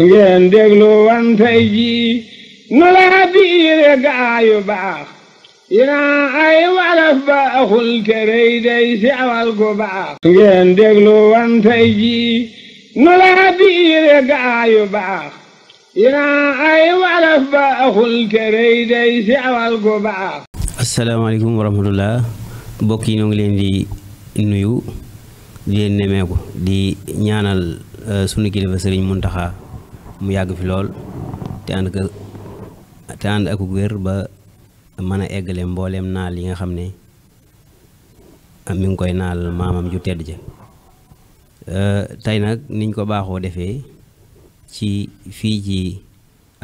ngeen déglu wan tey jii nu laa biire gaayu baax yinaa ay walaf baaxul te rëy day sewal gu baax ngeen déglu wan tey nu laa biire gaayu baax yinaa ay walaf baaxul te rëy day sewal gu baax asalaamaaleykum wa rahmatullah mbokk yi ñoo ngi leen di nuyu di leen nemeeku di ñaanal uh, sunu kilifa sëriñ Muntaxa mu yàgg fi lool te ànd ak te ànd ak wér ba mën a eggale mbooleem naa li nga xam ne mu ngi koy naal maamam ju tedd ja euh, tey nag niñ ko baaxoo defee ci fii ci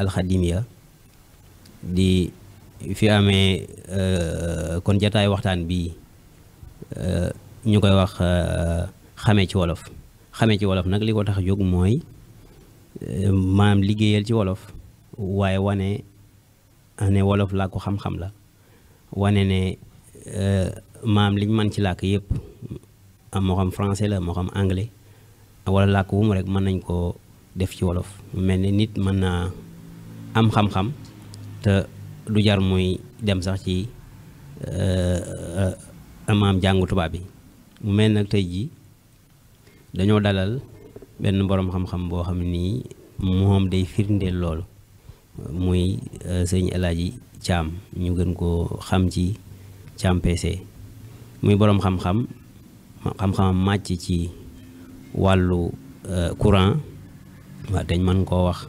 alxadimiya di fi amee euh, kon jataay waxtaan bii euh, ñu koy wax xame ci wolof xame ci wolof nag li ko tax jóg mooy maam liggéeyal ci wolof waaye wane ne wolof làkku xam-xam la wane ne euh, maam liñ mën ci làkk yépp am moo xam français la moo xam anglais wala làkk wu mu rek mën nañ koo def ci wolof mel ni nit mën naa am xam-xam te du jar muy dem sax ci euh, maam jàngu tubaab bi mu mel nag tey jii dañoo dalal benn boroom xam-xam boo xam nii moom day firndeel lool muy euh, sëñ Alaaji Caam ñu gën koo xam ci Caam PC muy boroom xam-xam xam-xamam ci wàllu euh, courant waaw dañ mën koo wax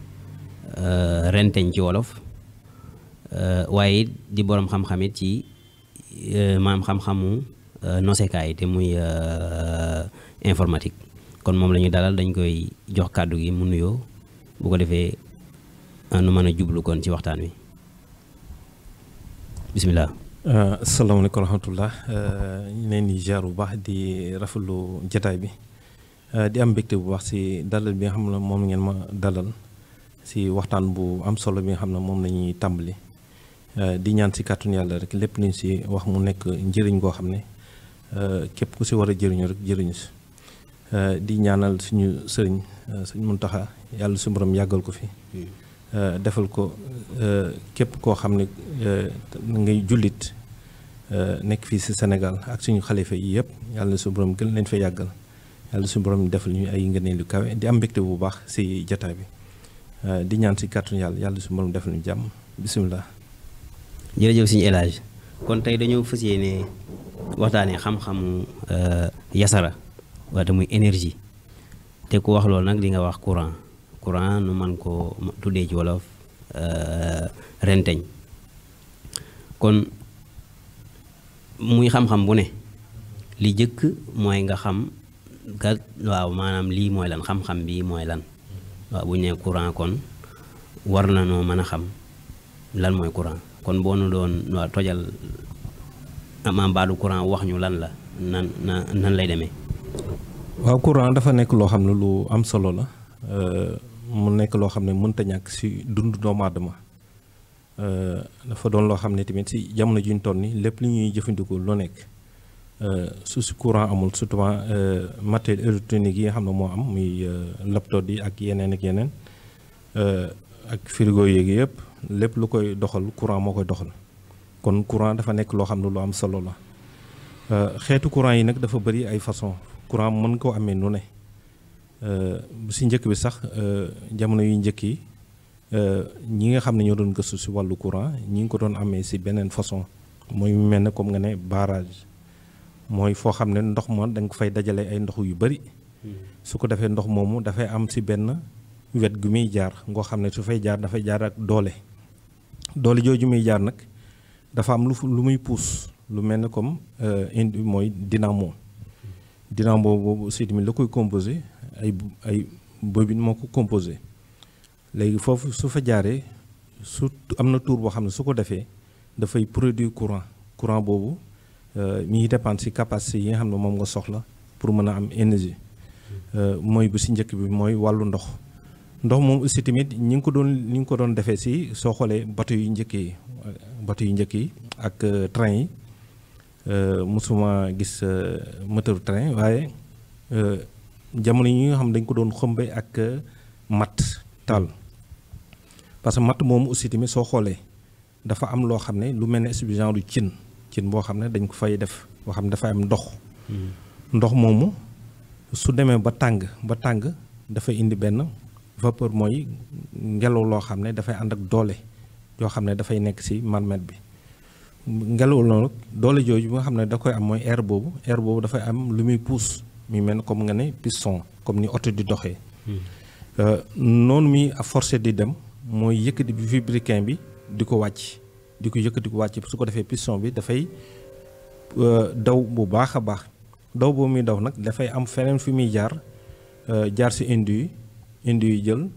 euh, rentañ ci wolof waaye di boroom xam-xamit ci maam xam-xamu nosekaay te muy informatique kon moom la ñu dalal dañ koy jox kàddu gi mu nuyoo bu ko defee ah, nu mën a jublu kon ci waxtaan wi bisimilah. Ah, asalaamaaleykum wa rahmatulah ah, ñu leen di jaar bu baax di rafetlu jataay bi di am mbégte bu wax si dalal bi nga xam ne moom ngeen ma dalal si waxtaan bu am solo bi nga xam na moom lañuy ñuy tàmbali di ñaan si kàttanu yàlla rek lépp luñ si wax mu nekk njëriñ goo xam ne képp ku si war a jëriñu rek jëriñu si. Eh, di ñaanal suñu sëriñ eh, sëriñ Muntaxa yàlla suñu borom yàggal ko fi eh, defal ko képp koo xam ne ngay jullit nekk fii si Sénégal ak suñu xalifa yi yëpp yàlla suñu borom gën leen fa yàggal yàlla su borom defal ñu ay ngëneel lu kawe di bu baax si jataay bi di ñaan si kàttu yàlla yàlla suñu ñu jàmm bisimilah. jërëjëf suñu El kon tey dañoo fas ne waxtaanee xam-xamu yasara. wala muy énergie te ku wax loolu nag li nga wax courant courant nu man ko tuddee ci wolof euh, renteñ kon muy xam-xam bu ne li jëkk mooy nga xam kat waaw maanaam lii mooy lan xam-xam bi mooy lan waaw bu ñu nee courant kon war na noo mën a xam lan mooy courant kon boo nu doon waa tojal amaam baadu courant wax ñu lan la nan nan lay demee waaw courant dafa nekk loo xam ne lu am solo la euh, mu nekk loo xam ne mënta ñàkk si dund doomu aadama euh, dafa doon loo xam ne tamit si jamono ji ñu toll nii lépp li ñuy jëfandikoo lu nekk euh, su si courant amul surtout matériel électronique yi nga xam ne moo am muy laptop yi ak yeneen ak yeneen ak frigo yeeg yëpp lépp lu koy doxal courant moo koy doxal kon courant dafa nekk loo xam ne lu am solo la xeetu courant yi nag dafa bëri ay façon courant mën koo amee nu ne bu euh, si njëkk bi sax euh, jamono yu njëkk yi euh, ñi nga xam ne ñoo doon gëstu si wàllu courant ñi ngi ko doon amee si beneen façon mooy mel ni comme nga ne barrage mooy foo xam ne ndox ma da nga fay dajale ay ndox yu bëri hmm. su ko defee ndox moomu dafay am si benn wet gu muy jaar ngoo xam ne su fay jaar dafay jaar ak doole doole jooju muy jaar nag dafa am lu lu muy puus lu mel ni comme indi mooy dynamo dina boobu aussi tamit la koy composé ay ay bobine moo ko composé léegi foofu su fa jaaree su am na tour boo xam ne su ko defee dafay produit courant courant boobu euh, mi ngi dépendre ci capacité yi nga xam ne moom nga soxla pour mën a am énergie euh, mooy bu si njëkk bi mooy wàllu ndox ndox moom aussi tamit ñi ngi ko doon ñi ngi ko doon defee si soo xoolee bateau yu njëkkee yi yu njëkk yi ak euh, train yi Euh, mosuma gis euh, moteur train waaye euh, jamono yi nga xam dañ ko doon xëmbe ak matt taal parce que matt moom aussi tamit soo xoolee dafa am loo xam ne lu mel ne genre du cin cin boo xam ne dañ ko fay def boo xam ne dafa am ndox hmm. ndox moomu su demee ba tàng ba tàng dafa indi benn vapeur mooy ngelaw loo xam ne dafay ànd ak doole yoo xam ne dafay nekk ci marmite bi ngelaw loolu doole jooju bi nga xam ne da koy am mooy air boobu air boobu dafay am lu muy pousse muy mel comme nga ne piston comme ni oto di doxee. Hmm. Euh, noonu muy forcé di dem mooy yëkkati bi vibriquin bi di ko wàcc di ko yëkkati ko wàcc su ko defee piston bi dafay euh, daw bu baax a baax daw boobu muy daw nag dafay am feneen fi muy jaar euh, jaar si indi yi indi yi jël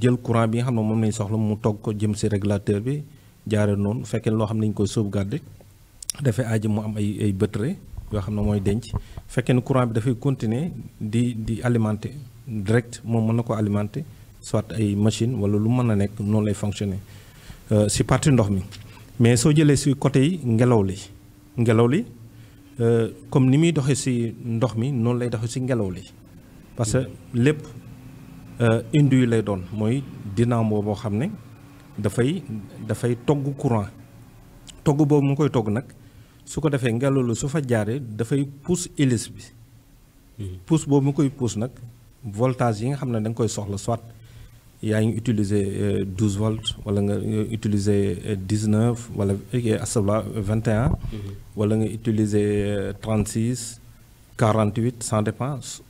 jël courant bi nga xam ne moom lañ soxla mu togg ko jëm si réglateur bi. jaare noonu bu fekkee loo xam ne dañu koy sauvegarder dafay aaji mu am ay ay batterie yoo xam ne mooy denc fekkee ne courant bi dafay continuer di di alimenter direct moom mën na ko alimenter soit ay machine wala lu mën a nekk noonu lay fonctionner euh, si partie ndox mi mais soo jëlee si côté yi ngelaw li ngelaw li euh, comme ni muy doxee si ndox mi noonu lay doxee si ngelaw li parce que lépp yu euh, lay doon mooy dynamo boo xam ne dafay dafay togg courant togg boobu mu koy togg nag su ko defee ngelaw lu su fa jaaree dafay pousse hélice bi hmm. pousse boobu mu koy pousse nag voltage yi nga xam ne da nga koy soxla soit yaa ngi utiliser euh, douze volts wala nga utiliser 19 euh, wala astafurlah 21. Hmm. wala nga utiliser 36 48 sans dépense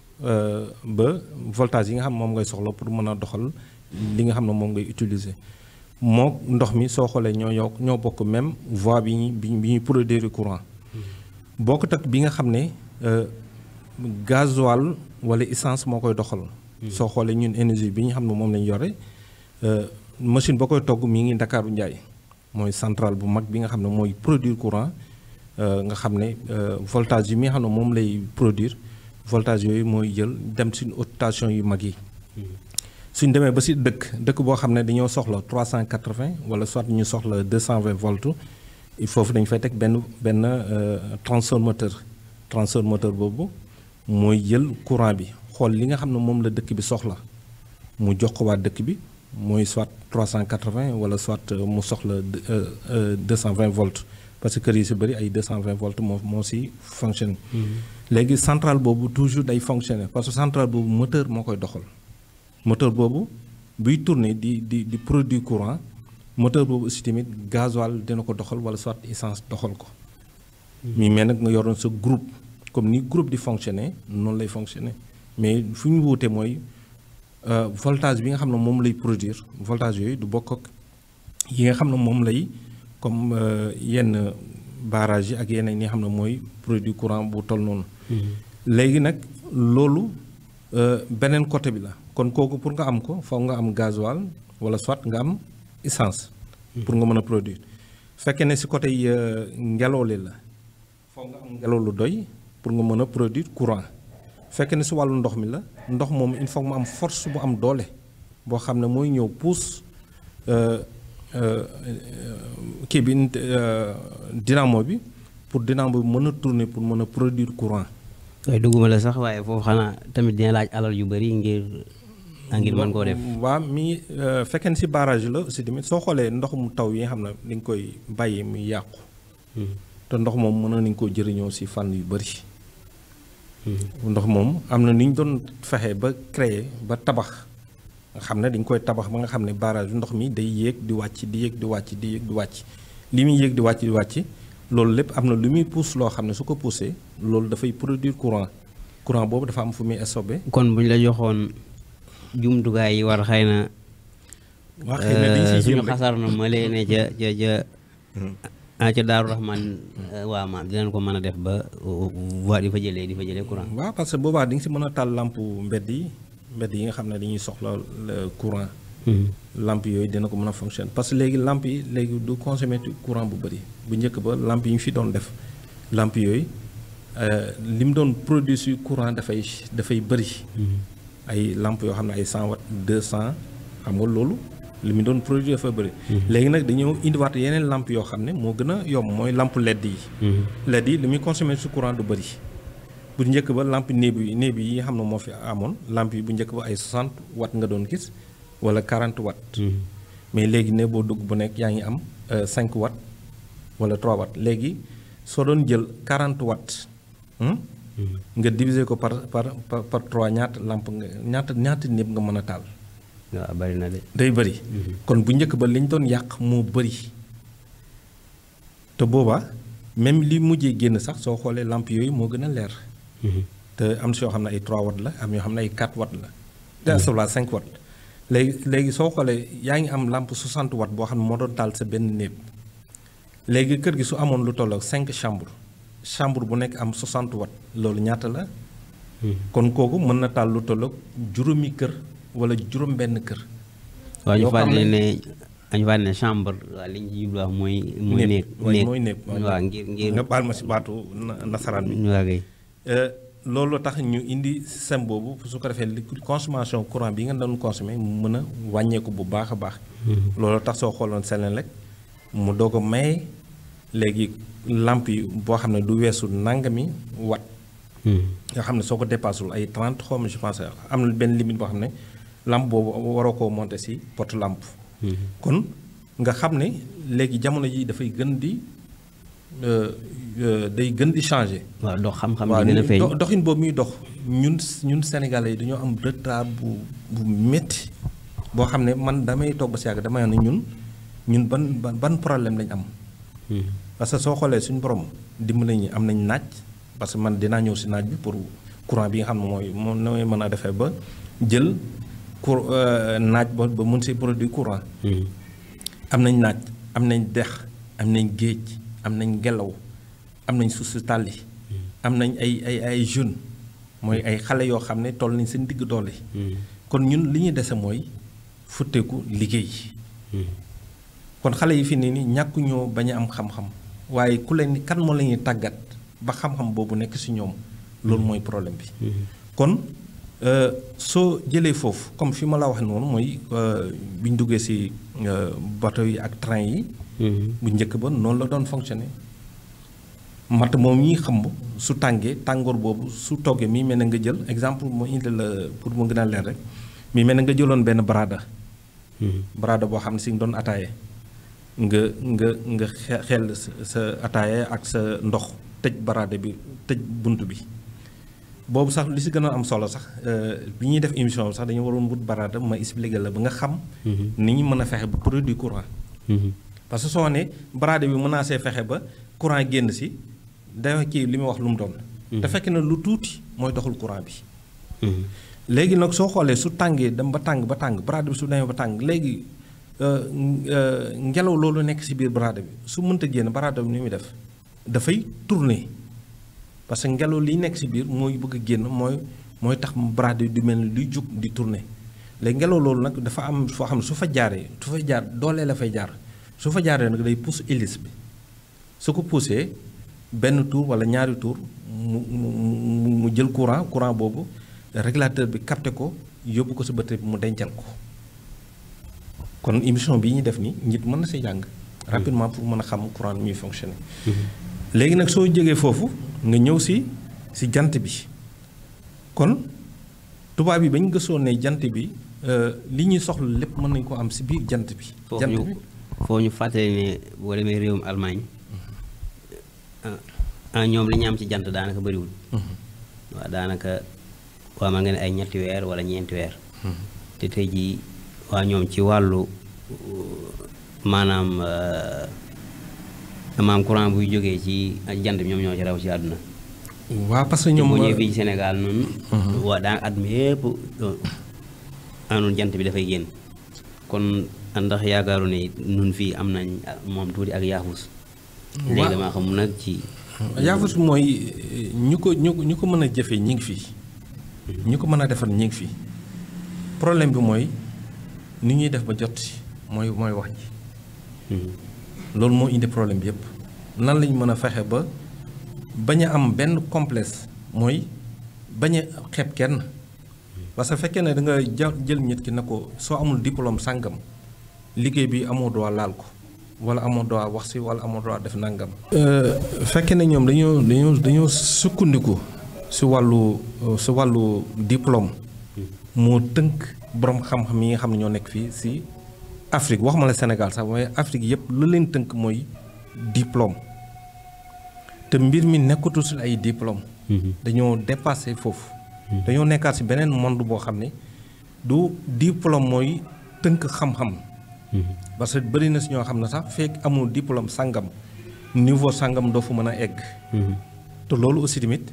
ba voltage yi nga xam moom ngay soxla pour mën a doxal li nga xam ne moom ngay utiliser. moo ndox mi soo xoolee ñoo yokk ñoo bokk même voie bi ñuy bi ñuy produire courant hmm. ko tak bi nga xam ne euh, gasoil wala essence moo koy doxal. Hmm. soo xoolee ñun énergie bi ñu xam ne moom lañ yore euh, machine ba koy togg mi ngi Ndakaaru Njaay mooy centrale bu mag bi nga xam ne mooy produire courant euh, nga xam ne voltage yi mi xam ne moom lay produire voltage yooyu mooy jël dem suñu haute yu mag yi. Hmm. suñ demee ba si dëkk dëkk boo xam ne dañoo soxla cent 380 wala soit ñu soxla 220 volts il foofu dañu fay teg benn benn euh, transformateur transformateur boobu mooy jël courant bi xool li nga xam ne moom la dëkk bi soxla mu jox ko waa dëkk bi mooy soit 380 wala soit euh, mu soxla 220 euh, volts parce que kër yi si bëri ay 220 volts moo moo si fonctionne mm-hmm. léegi centrale boobu toujours day fonctionner parce que centrale boobu moteur moo koy doxal moteur boobu buy tourner di di di produit courant moteur boobu aussi tamit gasoil dina ko doxal wala soit essence doxal ko. Hmm. mi mais nag nga yoroon sa groupe comme ni groupe di fonctionner noonu lay fonctionner mais fu ñu wuute mooy euh, voltage bi nga xam ne moom lay produire voltage yooyu du bokk ak yi nga xam ne moom lay comme euh, yenn barrage yi ak yeneen yi nga xam ne mooy produit courant bu toll noonu. Hmm. léegi nag loolu euh, beneen côté bi la. kon kooku pour nga am ko faw nga am gasoil wala soit nga am essence. pour nga mën a produire. fekkee ne si côté euh, ngelaw li la faw nga am ngelaw lu doy pour nga mën a produire courant fekke ne si wàllu ndox mi la ndox moom il faut mu am force bu am doole boo xam ne mooy ñëw pousse euh, euh, kii bi dynamo bi pour dynamo bi mën a tourner pour mën a produire courant. waaye dugguma la sax waaye foofu xanaa tamit dina laaj alal yu bari ngir. ngir mën koo def waaw mi fekken euh, si barrage la aussi tamit soo xoolee ndox mu taw yi nga xam ne dañ koy bàyyi muy yàqu hmm. te ndox moom mën nañ koo jëriñoo si fànn yu bëri hmm. ndox moom am na ni ñu doon fexe ba créer ba tabax nga xam ne dañ koy tabax ba nga xam ne barrage ndox mi day yéeg di wàcc di yéeg di wàcc di yéeg di wàcc li muy yéeg di wàcc di wàcc loolu lépp am na lu muy pousse loo xam ne su ko poussé loolu dafay produire courant courant boobu dafa am fu muy stocké jumtukaay yi war xëy na euh, suñu xasar na ma lee ne ca ca ca hmm. ah, ca daaru raxmaan hmm. euh, waa maam dinañ ko mën a def ba euh, waa di fa jëlee di fa jëlee courant waaw parce que boobaa di nga si mën a taal làmp mbedd yi mbedd yi nga xam ne dañuy soxla courant hmm. làmp yooyu dina ko mën a fonctionner parce que léegi làmp yi léegi du consommer courant bu bëri bu njëkk ba làmp yi ñu fi doon def làmp yooyu li mu doon produit su courant dafay dafay bëri ay lamp yoo xam ne ay cent watt deux cent xam nga loolu li muy doon produit dafa bëri. Mhm. léegi nag dañoo indiwaat yeneen lamp yoo xam ne moo gën a yomb mooy lamp ledd yi. Mhm. ledd yi li muy consommer su courant du bëri. bu njëkk ba lamp néew yi néew yi xam ne moo fi amoon làmp yi bu njëkk ba ay 60 watt nga doon gis wala 40 watt. Mhm. mais léegi ne boo dugg bu nekk yaa ngi am euh, cinq watt wala 3 watt léegi soo doon jël 40 watt. Hmm? Mm-hmm. nga diviser ko par par par trois ñaata lamp nga ñaata ñaata népp nga mën a taal. waaw ah, bari na de. day bari. Mm-hmm. kon bu njëkk ba liñ doon yàq moo bari. te booba même li mujjee génn sax soo xoolee lamp yooyu moo gën a leer. Mm-hmm. te am si yoo xam ne ay 3 watt la am yoo xam ne ay 4 watt la. daa soxlaa 5 watt léegi léegi soo xoolee yaa ngi am lamp 60 watt boo xam ne moo doon taal sa benn néeg léegi kër gi su amoon lu toll ak 5 chambre chambre bu nekk am 60 watt loolu ñaata la. Hmm. kon kooku mën na taal lu toll juróomi kër wala juróom-benn kër. waa ñu fàttali ne ñu fàttali ne chambre waaw li ci jublu wax mooy. mooy néeg néeg mooy néeg waaw ngir ngir. nga baal ma si baatu nasaraan bi. Euh, loolu tax ñu indi système boobu su ko defee li consommation courant bi nga doon consommer mu mën a wàññeeku bu baax a baax. Hmm. loolu tax soo xooloon Senelec mu doog a léegi làmp yi boo xam ne du weesu nangami wat nga hmm. xam ne soo ko dépassul ay 30 xaw ma je pense am na benn limite boo xam ne làmp boobu waroo koo monter si porte làmp hmm. kon nga xam ne léegi jamono ji dafay gën di euh, euh, day gën di changer. waaw dox xam-xam bi dina doxin boobu muy dox ñun ñun sénégalais yi dañoo am retard bu bu métti boo xam ne man damay toog ba si yàgg damay ne ñun ñun ban ban problème lañ am. Hmm. parce que soo xoolee suñu borom dimbali nañu am nañ naaj parce que man dinaa ñëw si naaj bi pour courant bi nga xam ne mooy moom nooy mën a defee ba jël cour euh, naaj ba ba mun si produit courant. Mm-hmm. am nañ naaj am nañ dex am nañ géej am nañ ngelaw am nañ suuf si tàlli mm-hmm. am nañ ay ay ay jeunes mooy ay xale yoo xam ne toll nañ seen digg doole. Mm-hmm. kon ñun li ñuy dese mooy futteeku liggéey. kon xale yi fi nii ñàkk ñoo bañ am xam-xam. waaye ku leen kan moo lañuy tàggat ba xam-xam boobu nekk ci ñoom loolu mooy problème bi mm-hmm. kon euh, soo jëlee foofu comme fi ma la wax noonu mooy euh, bi ñu duggee ci euh, bateau yi ak train yi mm-hmm. bu njëkk ba noonu la doon fonctionner mat moom ñuy xam su tàngee tàngoor boobu su toggee mii mel na nga jël exemple moo indi la pour mu gën a leer rek mii mel na nga jëloon benn baraada mm-hmm. baraada boo xam ne si nga doon ataaye nga nga nga xel sa ataaya ak sa ndox tëj baraade bi tëj bunt bi boobu sax li si gën a am solo sax euh, bi ñuy def émission bi sax dañu waroon wut baraade ma expliqué la ba nga xam mhm. ni ñu mën a fexe ba produit courant mhm. parce que soo ne baraade bi mën naa see fexe ba courant génn si day kii li mu wax lu mu doon mhm. te fekk na lu tuuti mooy doxul courant bi léegi nag soo xoolee su tàngee dem ba tàng ba tàng baraade bi su demee ba tàng léegi Euh, euh, ngelaw loolu nekk si biir baraada bi su mënta génn baraada bi ni muy def dafay tourner parce que ngelaw liy nekk si biir mooy bëgg a génn mooy mooy tax baraada bi du mel ni luy jug di tourner léegi ngelaw loolu nag dafa am foo xam ne su fa jaaree su fa jaar doolee la fay jaar su fa jaaree nag day pousse hélice bi su ko poussé benn tour wala ñaari tour mu mu mu jël courant courant boobu régulateur bi capté ko yóbbu ko si batterie mu dencal ko. kon émission bi ñuy def nii nit mën na si jàng rapidement pour mën a xam courant ñuy fonctionner mhm. léegi nag soo jegee foofu nga ñëw si si jant bi kon tubaab bi bañ gëstoo ne jant bi euh, li ñuy soxlu lépp mën nañ koo am si biir jant bi jant foo ñu fàttali ne boo demee réewum Allemagne ah ñoom li ñu am ci jant daanaka bëriwul mhm. waaw daanaka waa ma nga ne ay ñetti weer wala ñeenti weer te tey jii waa ñoom ci wàllu maanaam euh, maanaam courant buy jógee ci jant bi ñoom ñoo ci raw ci àdduna. waa parce que ñoom bu ñëwee fii ci Sénégal mhm. at mi yëpp jant bi dafay génn. kon ndax yaakaaru ne nun fii am nañ moom tuuti ak yaafus. léegi damaa xam nag ci. yaafus mooy ñu ko ñu ñu ko mën a jëfee ñi ngi fii. Mhm. ñu ko mën a defar ñi ngi fii problème bi mooy. ni ñuy def ba jot si mooy mooy wax ji hmm. loolu moo indi problème bi yëpp nan lañ mën a fexe ba bañ a am benn complexe mooy bañ a xeeb kenn parce que fekkee ne da nga jël nit ki ne ko soo amul diplôme sàngam liggéey bi amoo droit laal ko wala amoo droit wax si wala amoo droit def nangam. Euh, fekkee na ñoom dañoo dañoo dañoo sukkandiku si wàllu si wàllu diplôme hmm. moo tënk. borom xam-xam yi nga xam ne ñoo nekk fii si Afrique ma la Sénégal sax waaye Afrique yëpp la leen tënk mooy diplôme te mbir mi nekkatu si ay diplôme mhm. dañoo dépassé foofu. Mhm. dañoo nekkaat si beneen monde boo xam ne du diplôme mooy tënk xam-xam. Mhm. parce que bëri na si ñoo xam ne sax feek amul diplôme sangam niveau sangam doo fa mën a egg. te loolu aussi tamit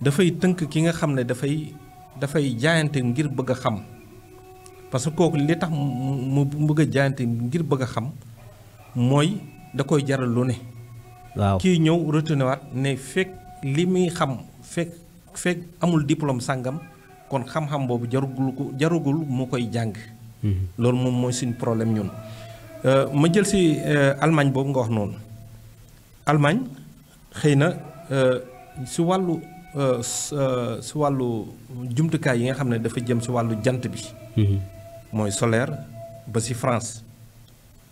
dafay tënk ki nga xam ne dafay dafay jaayante ngir bëgg a xam. parce que kooku li tax mu mu bëgg a jaayante ngir bëgg a xam mooy da koy jaral lu ne. waaw kii ñëw retourné waat ne fekk li muy xam fekk fekk amul diplôme sàngam kon xam-xam boobu jarugul ko jarugul mu koy jàng. Hmm. loolu moom mooy suñu problème ñun. Euh, ma jël si euh, Allemagne boobu nga wax noonu Allemagne xëy na euh, si wàllu si wàllu jumtukaay yi nga xam ne dafa jëm si wàllu jant bi. Hmm. mooy solaire ba si France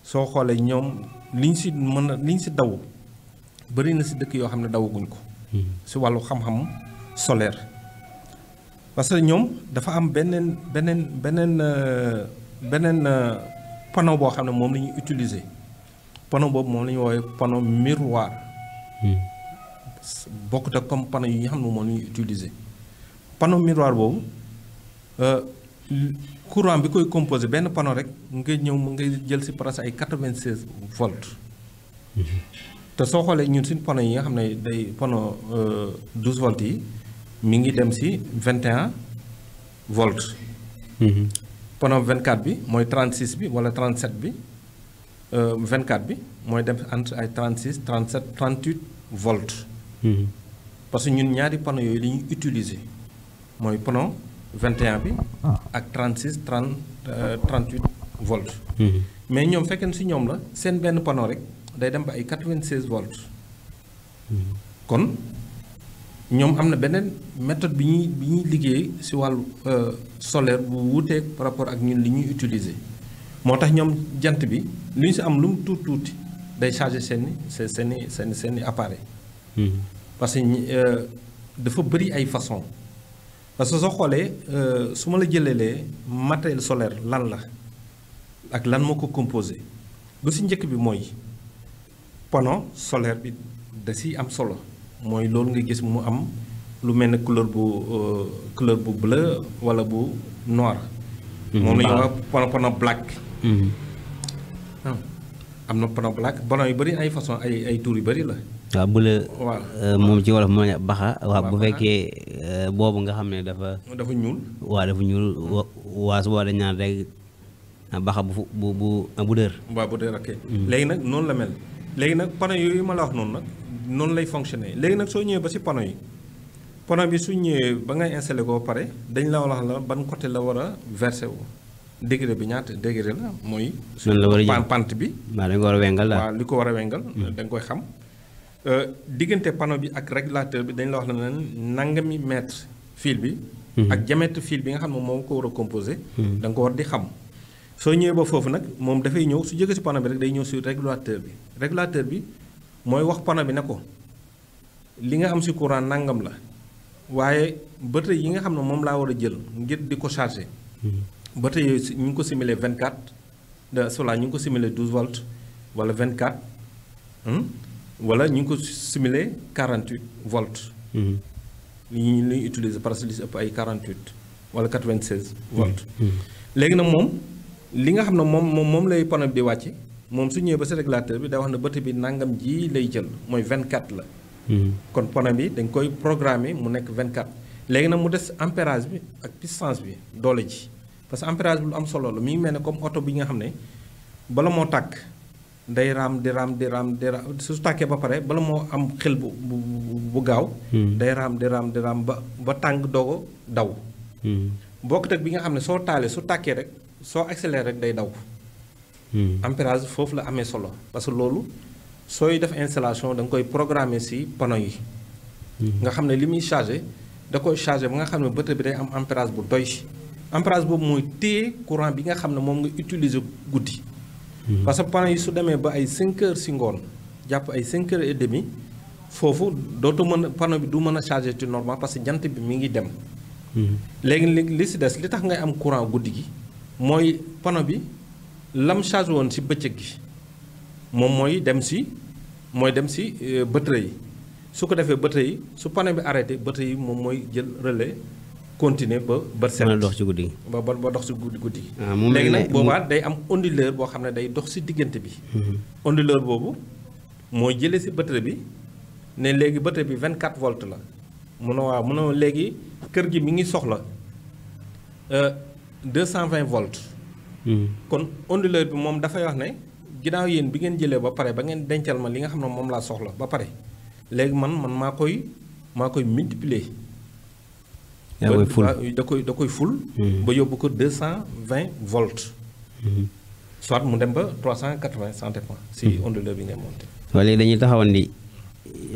soo xoolee ñoom liñ si mën a liñ si daw bëri na si dëkk yoo xam ne dawaguñ ko. si hmm. wàllu xam-xam solaire. parce que ñoom dafa am beneen beneen beneen euh, beneen euh, panneau boo xam ne moom la ñuy utiliser panneau boobu moom la ñuy woowee panneau miroir. Hmm. bokkut ak comme panneau yi nga xam ne moom la ñuy utiliser panneau boobu. Euh, courant bi koy composé benn panneau rek mu nga ñëw mu ngay jël si presque ay quatre-vingt-seize volts mhm. te soo xoolee ñun suñu panneau yi nga xam ne day panneau euh, douze volts yi mi ngi dem si vingt et un volts. Mhm. panneau vingt quatre bi mooy trente six bi wala trente sept bi euh, vingt quatre bi mooy dem entre ay trente six trente sept trente huit volts. Mhm. parce que ñun ñaari panneau yooyu li ñu mooy panneau. 21 bi. Ah. ak 36 30 38 volts. Mhm. mais ñoom fekkee ne si ñoom la seen benn panneau rek day dem ba ay 96 volts. Mhm. kon ñoom am na beneen méthode bi ñuy bi ñuy liggéey si wàllu euh, solaire bu wuuteeg par rapport ak ñun li ñuy utiliser. moo tax ñoom jant bi li ñu si am lu mu tuuti tuuti day chargé seen i seen i seen i seen i appareil. Mhm. parce que euh, dafa bëri ay façon parce que xoolee euh, su ma la jëleelee matériel solaire lan la ak lan moo ko composé lu si njëkk bi mooy panneau solaire bi da si am solo mooy loolu nga gis mu am lu mel ne couleur bu euh, couleur bu bleu walla bu noir. Mhm. moom la ñuy wax black. Mhm. Ah, am na panneau black panneau yu bari ay façon ay ay tour yu bari la. waaw bu la euh, moom ci wolof moo ne baxa waaw bu fekkee euh, boobu nga xam ne dafa dafa ñuul waaw dafa ñuul waas boo dañ naan rek ah, baxa bu bu bu ah, bu dër waaw bu dër ok mm. léegi nag noonu la mel léegi nag panneau yooyu ma la wax noonu nag noonu lay fonctionner léegi nag soo ñëwee ba si panneau yi panneau bi su ñëwee ba ngay installé ko pare dañ la wax la ban côté la war a versé wo degré bi ñaata degré la mooy. la war a pant bi. waaw dañ ko war a wengal waaw li ko war a wengal. Mm. da nga koy xam Euh, diggante pano bi ak régulateur bi dañ la wax la ne nangami mètre fil bi. Mhm. ak diamètre fil bi nga xam ne moom ko war a composé. Mhm. da ko war di xam. soo ñëwee ba foofu nag moom dafay ñëw su jógee si panneau bi rek day ñëw si régulateur bi régulateur bi mooy wax panneau bi ne ko li nga am si courant nangam la waaye bëtë yi nga xam ne moom laa war a jël ngir di ko chargé. Mhm. bëtë yooyu ñu ngi ko simulé 24 de cela ñu ngi ko simulé 12 volts wala 24. wala ñu ngi ko simulé 48 volts. Mhm. li ñuy ñu ñuy utiliser parce que li si ëpp ay 48 wala 96 volts. Mhm. Mhm. léegi nag moom li nga xam ne moom moom moom lay panneau bi di wàcce moom su ñëwee ba si régulateur bi day wax ne bët bi nangam ji lay jël mooy 24 la. kon panneau bi dañ koy programme mu nekk vingt 24. léegi nag mu des ampérage bi ak puissance bi doole ji parce que ampérage bu lu am solo la mi ngi mel ne comme oto bi nga xam ne bala moo takk day raam di raam di raam di raam su tàkkee ba pare bala moo am xel bu bu bu gaaw. Hmm. day raam di raam di raam ba ba tàng dogo daw. Hmm. bokkut ak bi nga xam ne soo taalee su tàkkee rek soo accéléré rek day daw. Hmm. ampérage foofu la amee solo parce que loolu sooy def installation da nga koy programmer si panneau yi. nga xam ne li muy chargé da koy chargé ba nga xam ne batterie bi day am ampérage bu doy. ampérage boobu mooy téye courant bi nga xam ne moom nga utiliser guddi. Mhm. parce que parents yi su demee ba ay 5 heures si ngoon jàpp ay 5 heures et demi foofu dootu mën a panneau bi du mën a chargé ci normal parce que jant bi mu ngi dem. Mhm. léegi li li si des li tax ngay am courant guddi gi mooy pano bi lam chargé woon si bëccëg gi moom mooy dem si mooy dem si euh, batterie yi su ko defee batterie yi su panneau bi arrêté batterie yi moom mooy jël relais. continuer ba ba set mën a dox ci guddi ba ba dox ci guddi guddi gi ah, léegi nag boobaa day am onduleur boo xam ne day dox ci diggante bi mhm. onduleur boobu moo jëlee ci batterie bi ne léegi batterie bi quatre volts la mun a waaw mun a léegi kër gi mi ngi soxla 220 euh, volts mhm. kon onduleur bi moom dafay wax ne ginnaaw yéen bi ngeen jëlee ba pare ba ngeen dencal ma li nga xam ne moom laa soxla ba pare léegi man man maa koy maa koy multiplier da koy da koy ful hmm. ba yóbbu ko deux cent vingt volts hmm. mu dem ba trois cent quatre vingt ça dépend si hmm. onduleur bi ngay monté waaw léegi dañuy taxawoon di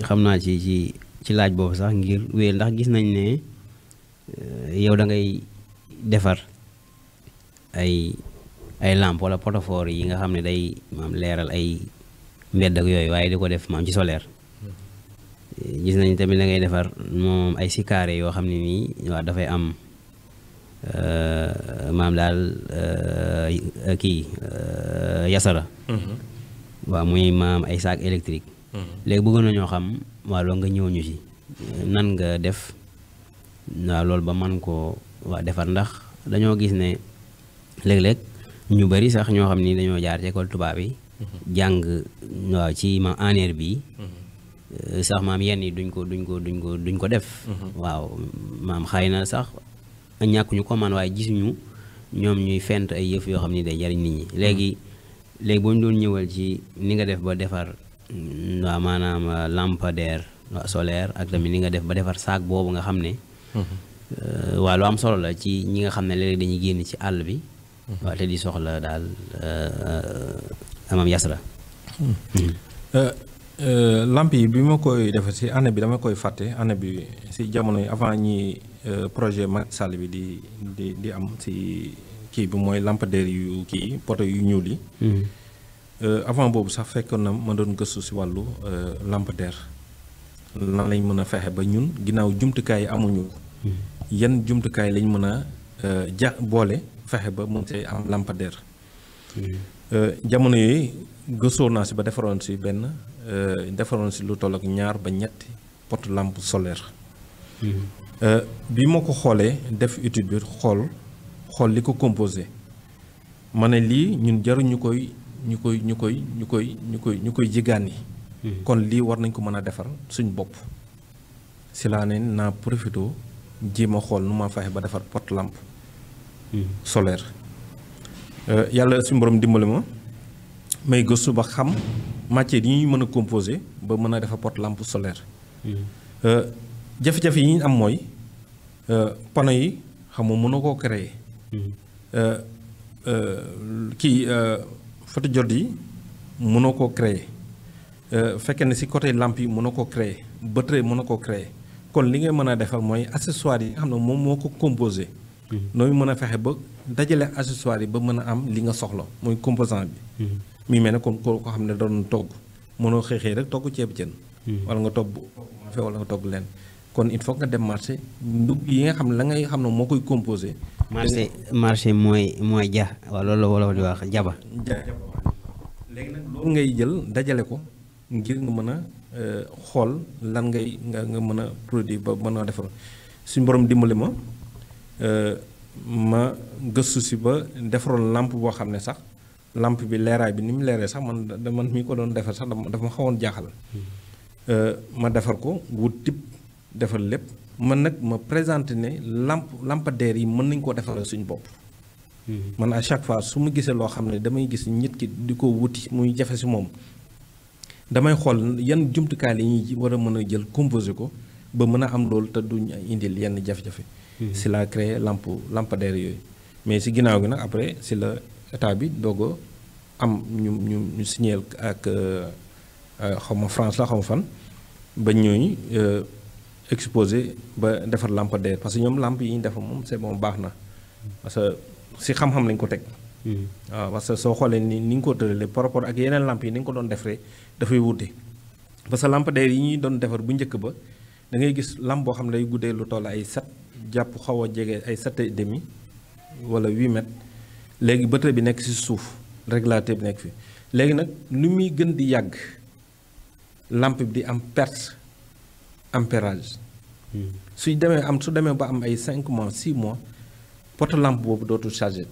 xam naa ci ci ci laaj boobu sax ngir wéyal ndax gis nañ ne euh, yow da ngay defar ay ay lampe wala potofort yi nga xam ne day maam leeral ay mbedd ak yooyu waaye di ko def maam ci solaire gis nañ tamit la ngay defar moom ay sikaare yoo xam ne nii waaw dafay am euh, maam daal euh, kii euh, yasara mm-hmm. waaw muy maam ay saak électrique mm-hmm. léegi bëggoon nañoo xam waaw loolu nga ñëw ñu ci nan nga def waaw loolu ba man koo waa defar ndax dañoo gis ne léeg-léeg ñu bari sax ñoo xam ni dañoo jaar ci école tubaab yi mm-hmm. jàng waaw ci ma aneer bii Euh, sax maam yenn yi duñ ko duñ ko duñ ko duñ ko def. Mhm. waaw maam xëy na sax ñàkkuñu ko waaye gisuñu ñoom ñuy fent ay yëf yoo xam ni day jariñ nit ñi léegi léegi boo ñu doon ñëwal ci ni nga def ba defar mm, maanaam euh, lampadaire solaire ak tamit nga def ba defar saak boobu nga xam ne. Mhm. Euh, waaw lu am solo la ci ñi nga xam ne léeg-léeg dañuy génn ci àll bi. Mhm. waaw te di soxla daal amam yasra Euh, lamp yi bi ma koy def si année bi dama koy fàtte année bi si jamono yi avant ñi euh, projet Macky Sall bi di di am si kii bi mooy lampadaire yu kii poto yu ñuul yi. Hmm. Euh, avant boobu sax fekkoon na ma doon gëstu si wàllu lampadaire lan lañ mën a fexe ba ñun ginnaaw jumtukaay yi amuñu hmm. yan jumtukaay lañ mën a ja boole fexe ba mën see am lampadaire. Hmm. Euh, jamono yooyu gëstoo naa si ba defaroon si benn euh, defaroon si lu toll ak ñaar ba ñetti pot lampe solaire. Mm-hmm. Euh, bi ma ko xoolee def étude bi xool xool li ko composé ma ne lii ñun jaruñu koy ñu koy ñu koy ñu koy ñu koy ñu koy jigaani mm-hmm. kon lii war nañ ko mën a defar suñ bopp. si laa ne naa profité jéem ma xool nu ma fexe ba defar pot lampe mm-hmm. solaire. Euh, yàlla si borom dimbali ma may gëstu ba xam matière yi ñuy mën a composé ba mën a defar pot lampe solaire. Mm-hmm. Euh, jafe-jafe yi ñu am mooy euh, panneau yi xam mun mënoo koo créer. Mm-hmm. kii photodiode yi mun mënoo koo créer fekkee ne si côté lampe yi mun mënoo koo créer batterie mënoo koo créer kon li ngay mën a defar mooy accessoire yi nga xam ne moom moo ko composé. Mm-hmm. nooy mën a fexe ba. dajale accessoire yi ba mën a am li nga soxla mooy composant bi. Mm-hmm. mi mel ne kon koo ko xam ne doon togg mënoo xeexee rek togg ceeb jën. Mm-hmm. wala nga togg fe wala nga leen kon il faut nga dem marché ndugg yi nga xam ne la ngay xam ne moo koy composé. marché marché mooy mooy ja waaw loolu la wolof di wax jaba. léegi nag loolu ngay jël dajale ko ngir nga mën a euh, xool lan ngay nga nga mën a produit ba mën a defar suñu borom dimbali ma. Euh, ma gëstu si ba defaroon làmp boo xam ne sax làmp bi leeraay bi ni mu leeree sax man da man ko doon defar sax dafa ma xawoon jaaxal. Hmm. Euh, ma defar ko wut tip defar lépp mën nag ma présenté ne làmp lampadaire yi mën nañ koo defaral suñu bopp. Hmm. man à chaque fois su ma gisee loo xam ne damay gis nit ki di ko wuti muy jafe si moom damay xool yan jumtukaay la ñuy war a mën a jël composé ko ba mën a am loolu te duñ indil yenn jafe-jafe. Mhm. si la créé lamp lampadaire yooyu mais si ginnaaw gi nag après si la état bi doog a am ñu ñu ñu signeel ak euh, euh, xaw ma France la xaw ma fan ba ñooñu euh, exposé ba defar lampadaire parce que ñoom lamp yi ñu defar moom c'est bon baax na parce que si xam-xam lañ ko teg mhm. waaw parce que soo xoolee ni ni nga ko tëralee par rapport ak yeneen lamp yi ni nga ko doon defaree dafay wute parce que lampadaire yi ñuy doon defar bu njëkk ba da ngay gis lamp boo xam ne day guddee lu toll ay set jàpp xaw a jege ay sate et demi wala huit mètres léegi batterie bi nekk ci suuf régulateur bi nekk fi léegi nag lu muy gën di yàgg làmp bi di am perte ampérage hmm. suy demee am su demee ba am ay cinq mois six mois poto lampe boobu dootul chargé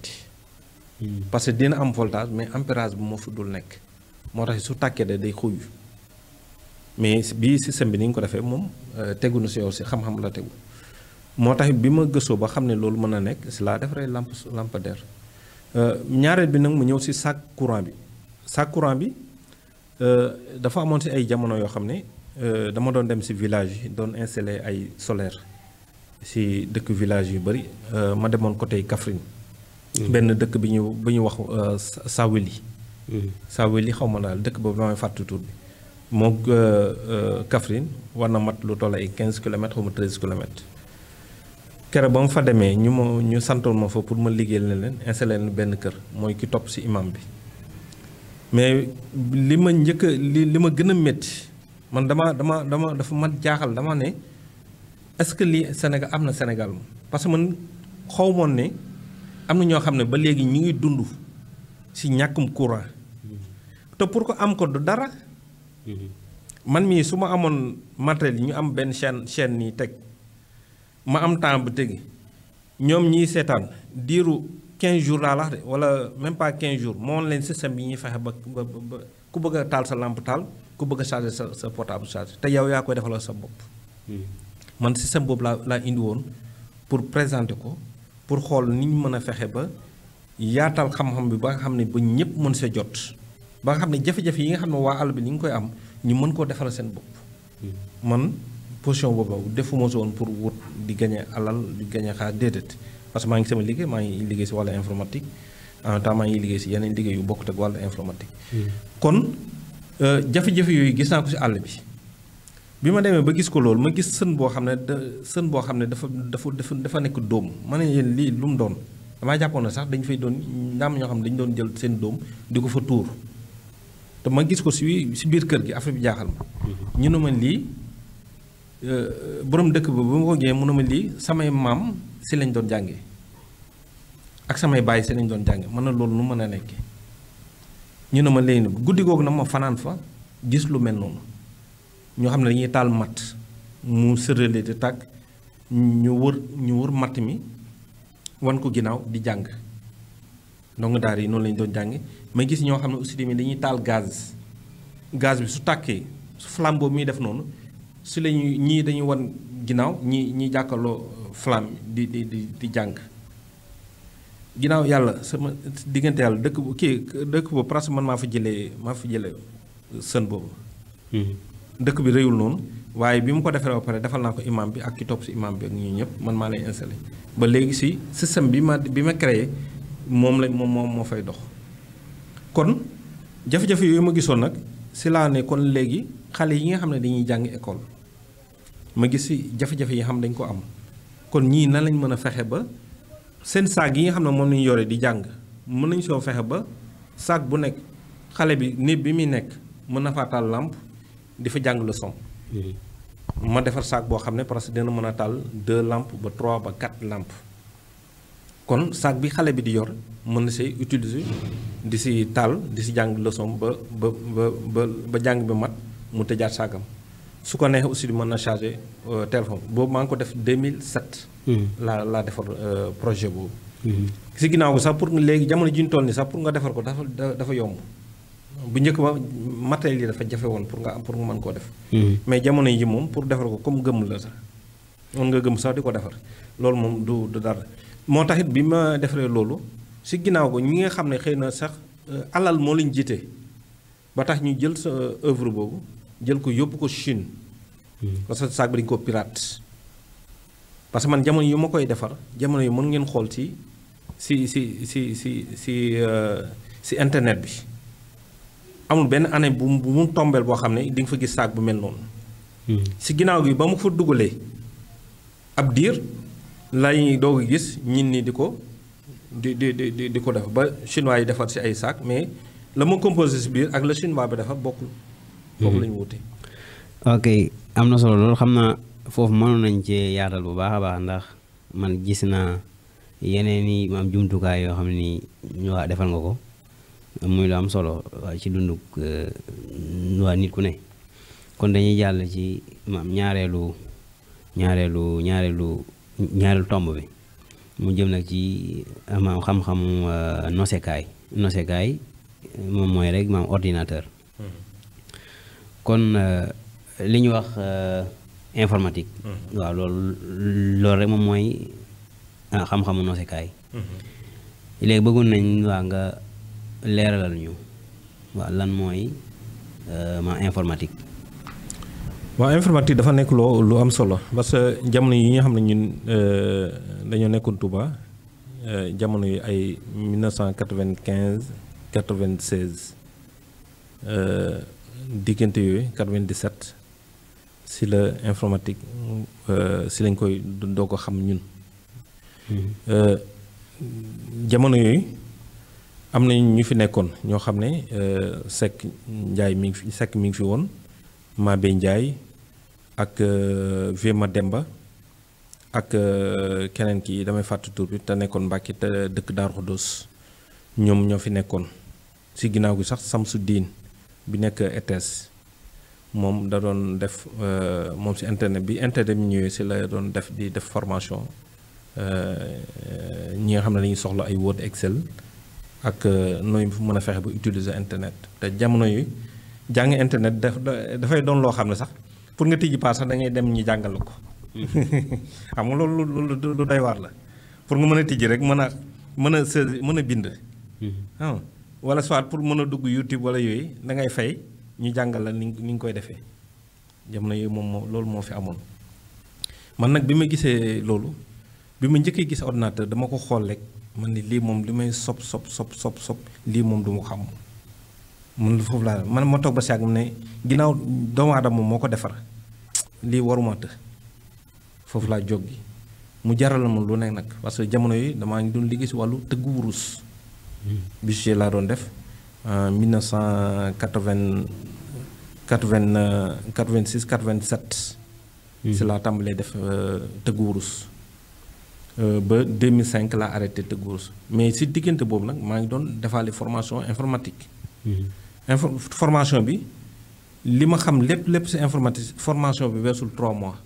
hmm. parce que dina am voltage mais ampérage bu moo fi dul nekk moo tax su tàkkee de day xuyu mais bii système bi ni ñu ko defee moom euh, tegu na si yow si xam-xam la tegu moo tax bi ma gëstoo ba xam ne loolu mën a nekk si laa defaree lamp lampadaire euh, ñaareel bi nag mu ñëw si sac courant bi sac courant bi euh, dafa amoon si ay jamono yoo xam ne euh, dama doon dem si village yi doon installer ay solaire si dëkk village yu bëri ma demoon côté Kaffrine mm-hmm. benn dëkk bi ñu ba ñu wax Saweli mm-hmm. Saweli xaw ma daal dëkk boobu damay fàtte tur bi moo Kaffrine war na mat lu toll ay 15 kilomètres xaw ma 13 keroog ba mu fa demee ñu ma ñu santoon ma fa pour ma liggéeyal na leen installé leen benn kër mooy ki topp si imam bi mais li ma njëkk li li ma gën a métti man dama dama dama dafa ma jaaxal dama ne est-ce que lii Sénégal am na Sénégal parce que man xaw moon ne am na ñoo xam ne ba léegi ñu ngi dund si ñàkkum courant te pour ko am ko du dara mm-hmm. man mii su ma amoon matériel yi ñu am benn chaine chaine nii teg ma am temps bu tegi ñoom ñii seetaan diiru 15 jours laa lax de wala même pas 15 jours moom leen système bi ñuy fexe ba ba ku bëgg taal sa lampe taal ku bëgg a sa sa portable charger te yow yaa koy defaloo sa bopp. Hmm. man système boobu laa laa indi woon pour présenter ko pour xool ni ñu mën a fexe ba yaatal xam-xam bi ba nga xam ne ba ñëpp mën see jot. ba nga xam ne jafe-jafe yi nga xam ne waa àll bi ni ñu koy am ñu mën koo defal seen bopp. Hmm. position booba defuma si woon pour wut di gagné alal di gagné xaar déedéet parce que maa ngi sama liggéey maa ngi liggéey si wàllu informatique en temps maa ngi liggéey si yeneen liggéey yu bokkut ak wàllu informatique. Hmm. kon euh, jafe-jafe yooyu gis naa ko si àll bi. bi ma demee ba gis ko loolu ma gis sën boo xam ne da sën boo xam ne dafa dafa dafa dafa nekk dóom ma ne yéen lii lu mu doon damaa jàppoon na sax dañ fay doon ndaam ñoo xam ne dañu doon jël seen dóom di ko fa tuur te ma gis ko si si biir kër gi affaire bi jaaxal ma. Hmm. Euh, borom dëkk ba bu ma ko gee mu ne ma lii samay maam si lañ doon jànge ak samay bàyyi si lañ doon jànge mën na loolu nu mën a nekke ñu ne ma léegi guddi googu na ma fanaan fa gis lu mel noonu ñoo xam ne dañuy taal matt mu sërale tàkk ñu ñu wër matt mi wan ko ginnaaw di jàng ndongo daar noonu lañ doon jànge mais gis ñoo xam ne aussi dañuy taal gaz gaz bi su tàkkee su flambeau muy def noonu si la ñii dañu wan ginnaaw ñi ñi jàkkaloo flamme di di di di jàng ginnaaw yàlla sama diggante yàlla dëkk bu kii dëkk boobu presque man maa fa jëlee maa fa jële sën boobu. Hmm. dëkk bi réyul noonu. waaye bi mu ko defee ba pare defal naa ko imam bi ak ki topp si imam bi ak ñun ñëpp man maa lay installé ba léegi si système bi ma bi ma créé moom la moom moom moo fay dox kon jafe-jafe yooyu ma gisoon nag si laa ne kon léegi. xale yi nga xam ne dañuy jàng ecole ma gis si jafe-jafe yi xam dañ ko am kon ñii nan lañ mën a fexe ba seen saag yi nga xam ne moom lañu yore di jàng mën nañ soo fexe ba saak bu nekk xale bi néeg bi muy nekk mën na faa taal làmp di fa jàng leçon mm-hmm. ma defar saag boo xam ne parce que dina mën a taal deux làmp ba trois ba quatre làmp kon saak bi xale bi di yor mën na see utiliser di si taal di si jàng leçon ba ba ba ba jàng bi mat mu tëjaat saakam su ko neex aussi mën na chargé euh, téléphone boobu maa ngi ko def mille 2007. Hmm. laa laa defar euh, projet boobu. Hmm. si ginnaaw ko sax pour léegi jamono ji ñu sax pour nga defar ko dafa dafa yomb. bu njëkk ba matériel yi dafa jafe pour nga am pour nga mën koo def. Hmm. mais jamono yi moom pour defar ko comme gëmm la sax. mën nga gëm sax di ko defar loolu moom du du dara moo taxit bi ma defaree loolu si ginnaaw ko ñi nga xam ne xëy na sax euh, alal moo leen jiite ba tax ñu jël sa œuvre boobu. jël ko yóbbu ko Chine. Hmm. parce que saag bi dañu ko pirate. parce que man jamono yi ma koy defar jamono yi mën ngeen xool ci si si si si si si euh, internet bi amul benn année bu mu bu tombeel boo xam ne di nga fa gis saag bu mel noonu. si hmm. ginnaaw gi ba mu fa dugalee ab diir lañuy doog gis ñin ni di ko di di di di ko def ba chinois yi defar si ay saag mais la ma composé si biir ak la chinois bi defar bokkul. foofu mhm. lañu wute ok am na solo loolu xam naa foofu mënoon nañ cee yaatal bu baax a baax ndax man gis naa yeneen i maam jumtukaay yoo xam ni ñu waa defal nga ko muy lu am solo ci dunduk euh, waa nit ku ne kon dañuy jàll ci maam ñaareelu ñaareelu ñaareelu ñaareelu tomb bi mu jëm nag ci maam xam-xam euh, nosekaay nosekaay moom mooy rek maam ordinateur kon euh, li ñu wax euh, informatique. Mm-hmm. waaw loolu loolu rek moom mooy ah, xam-xamu noosekaay. Mm-hmm. léegi bëggoon nañ waa nga leeralal ñu waaw lan mooy euh, ma informatique. waaw informatique dafa nekk loo lu am solo parce que jamono yi nga xam ne ñun dañoo nekkoon jamono yi ay 1995 96. diggante yooyu 97 si la informatique euh, si lañ koy doo ko xam ñun. Mm-hmm. Euh, jamono yooyu am nañ ñu fi nekkoon ñoo xam ne euh, Seck njaay mi ngi fi Seck mi ngi fi woon Mabé Ndiaye ak Vema Demba ak keneen kii damay fàtte tur bi te nekkoon Mbàkke te dëkk Daaru Xuddoos ñoom ñoo fi nekkoon si ginnaaw gi sax Samsu Diin bi nekk ETS moom da doon def euh, moom si internet bi internet bi ñëwee si la doon def di def formation euh, ñi nga xam ne dañuy soxla ay Word Excel ak euh, nooy mën a fexe ba utiliser internet te jamono yi jàng internet daf dafay doon loo xam ne sax pour nga tijji paas sax da ngay dem ñu jàngal ko mm-hmm. xam nga loolu lu lu doy waar la pour nga mën a tijji rek mën a mën a mën a bind. Mm-hmm. Ah. wala soit pour mën a dugg YouTube wala yooyu da ngay fay ñu jàngal la ni ni koy defee jamono yi moom moo loolu moo fi amoon. man nag bi ma gisee loolu bi ma njëkkee gis ordinateur dama ko xool rek man ni lii moom li may sob sob sob sob sob lii moom du ma xam man lu foofu laa man ma toog ba si àggam ne ginnaaw doomu moom moo ko defar lii waruma të foofu laa jóg gi mu jaral la ma lu nekk nag parce que jamono yi damaa ngi doon liggéey si wàllu tëggu wurus. bûcher laa doon def en 1980 80 86 87. si laa tàmbalee def euh, tëggu wurus. Euh, ba 2005 laa arrêté tëggu wurus mais si diggante boobu nag maa ngi doon defaale formation informatique. Hmm. information bi li ma xam lépp lépp si informatique formation bi weesul 3 mois.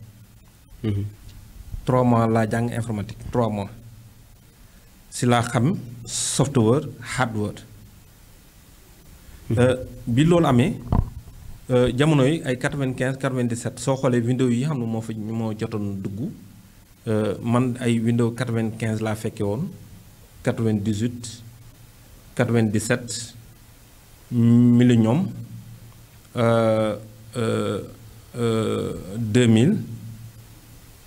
3 hmm. mois laa jàng informatique trois mois. ci laa xam software hardware euh, bi loolu amee euh, jamono yi ay 95 97 soo xoolee Windows yi xam ne moo fa ñu moo jotoon dugg euh, man ay Windows 95 laa fekke woon 98 97 Millennium 2000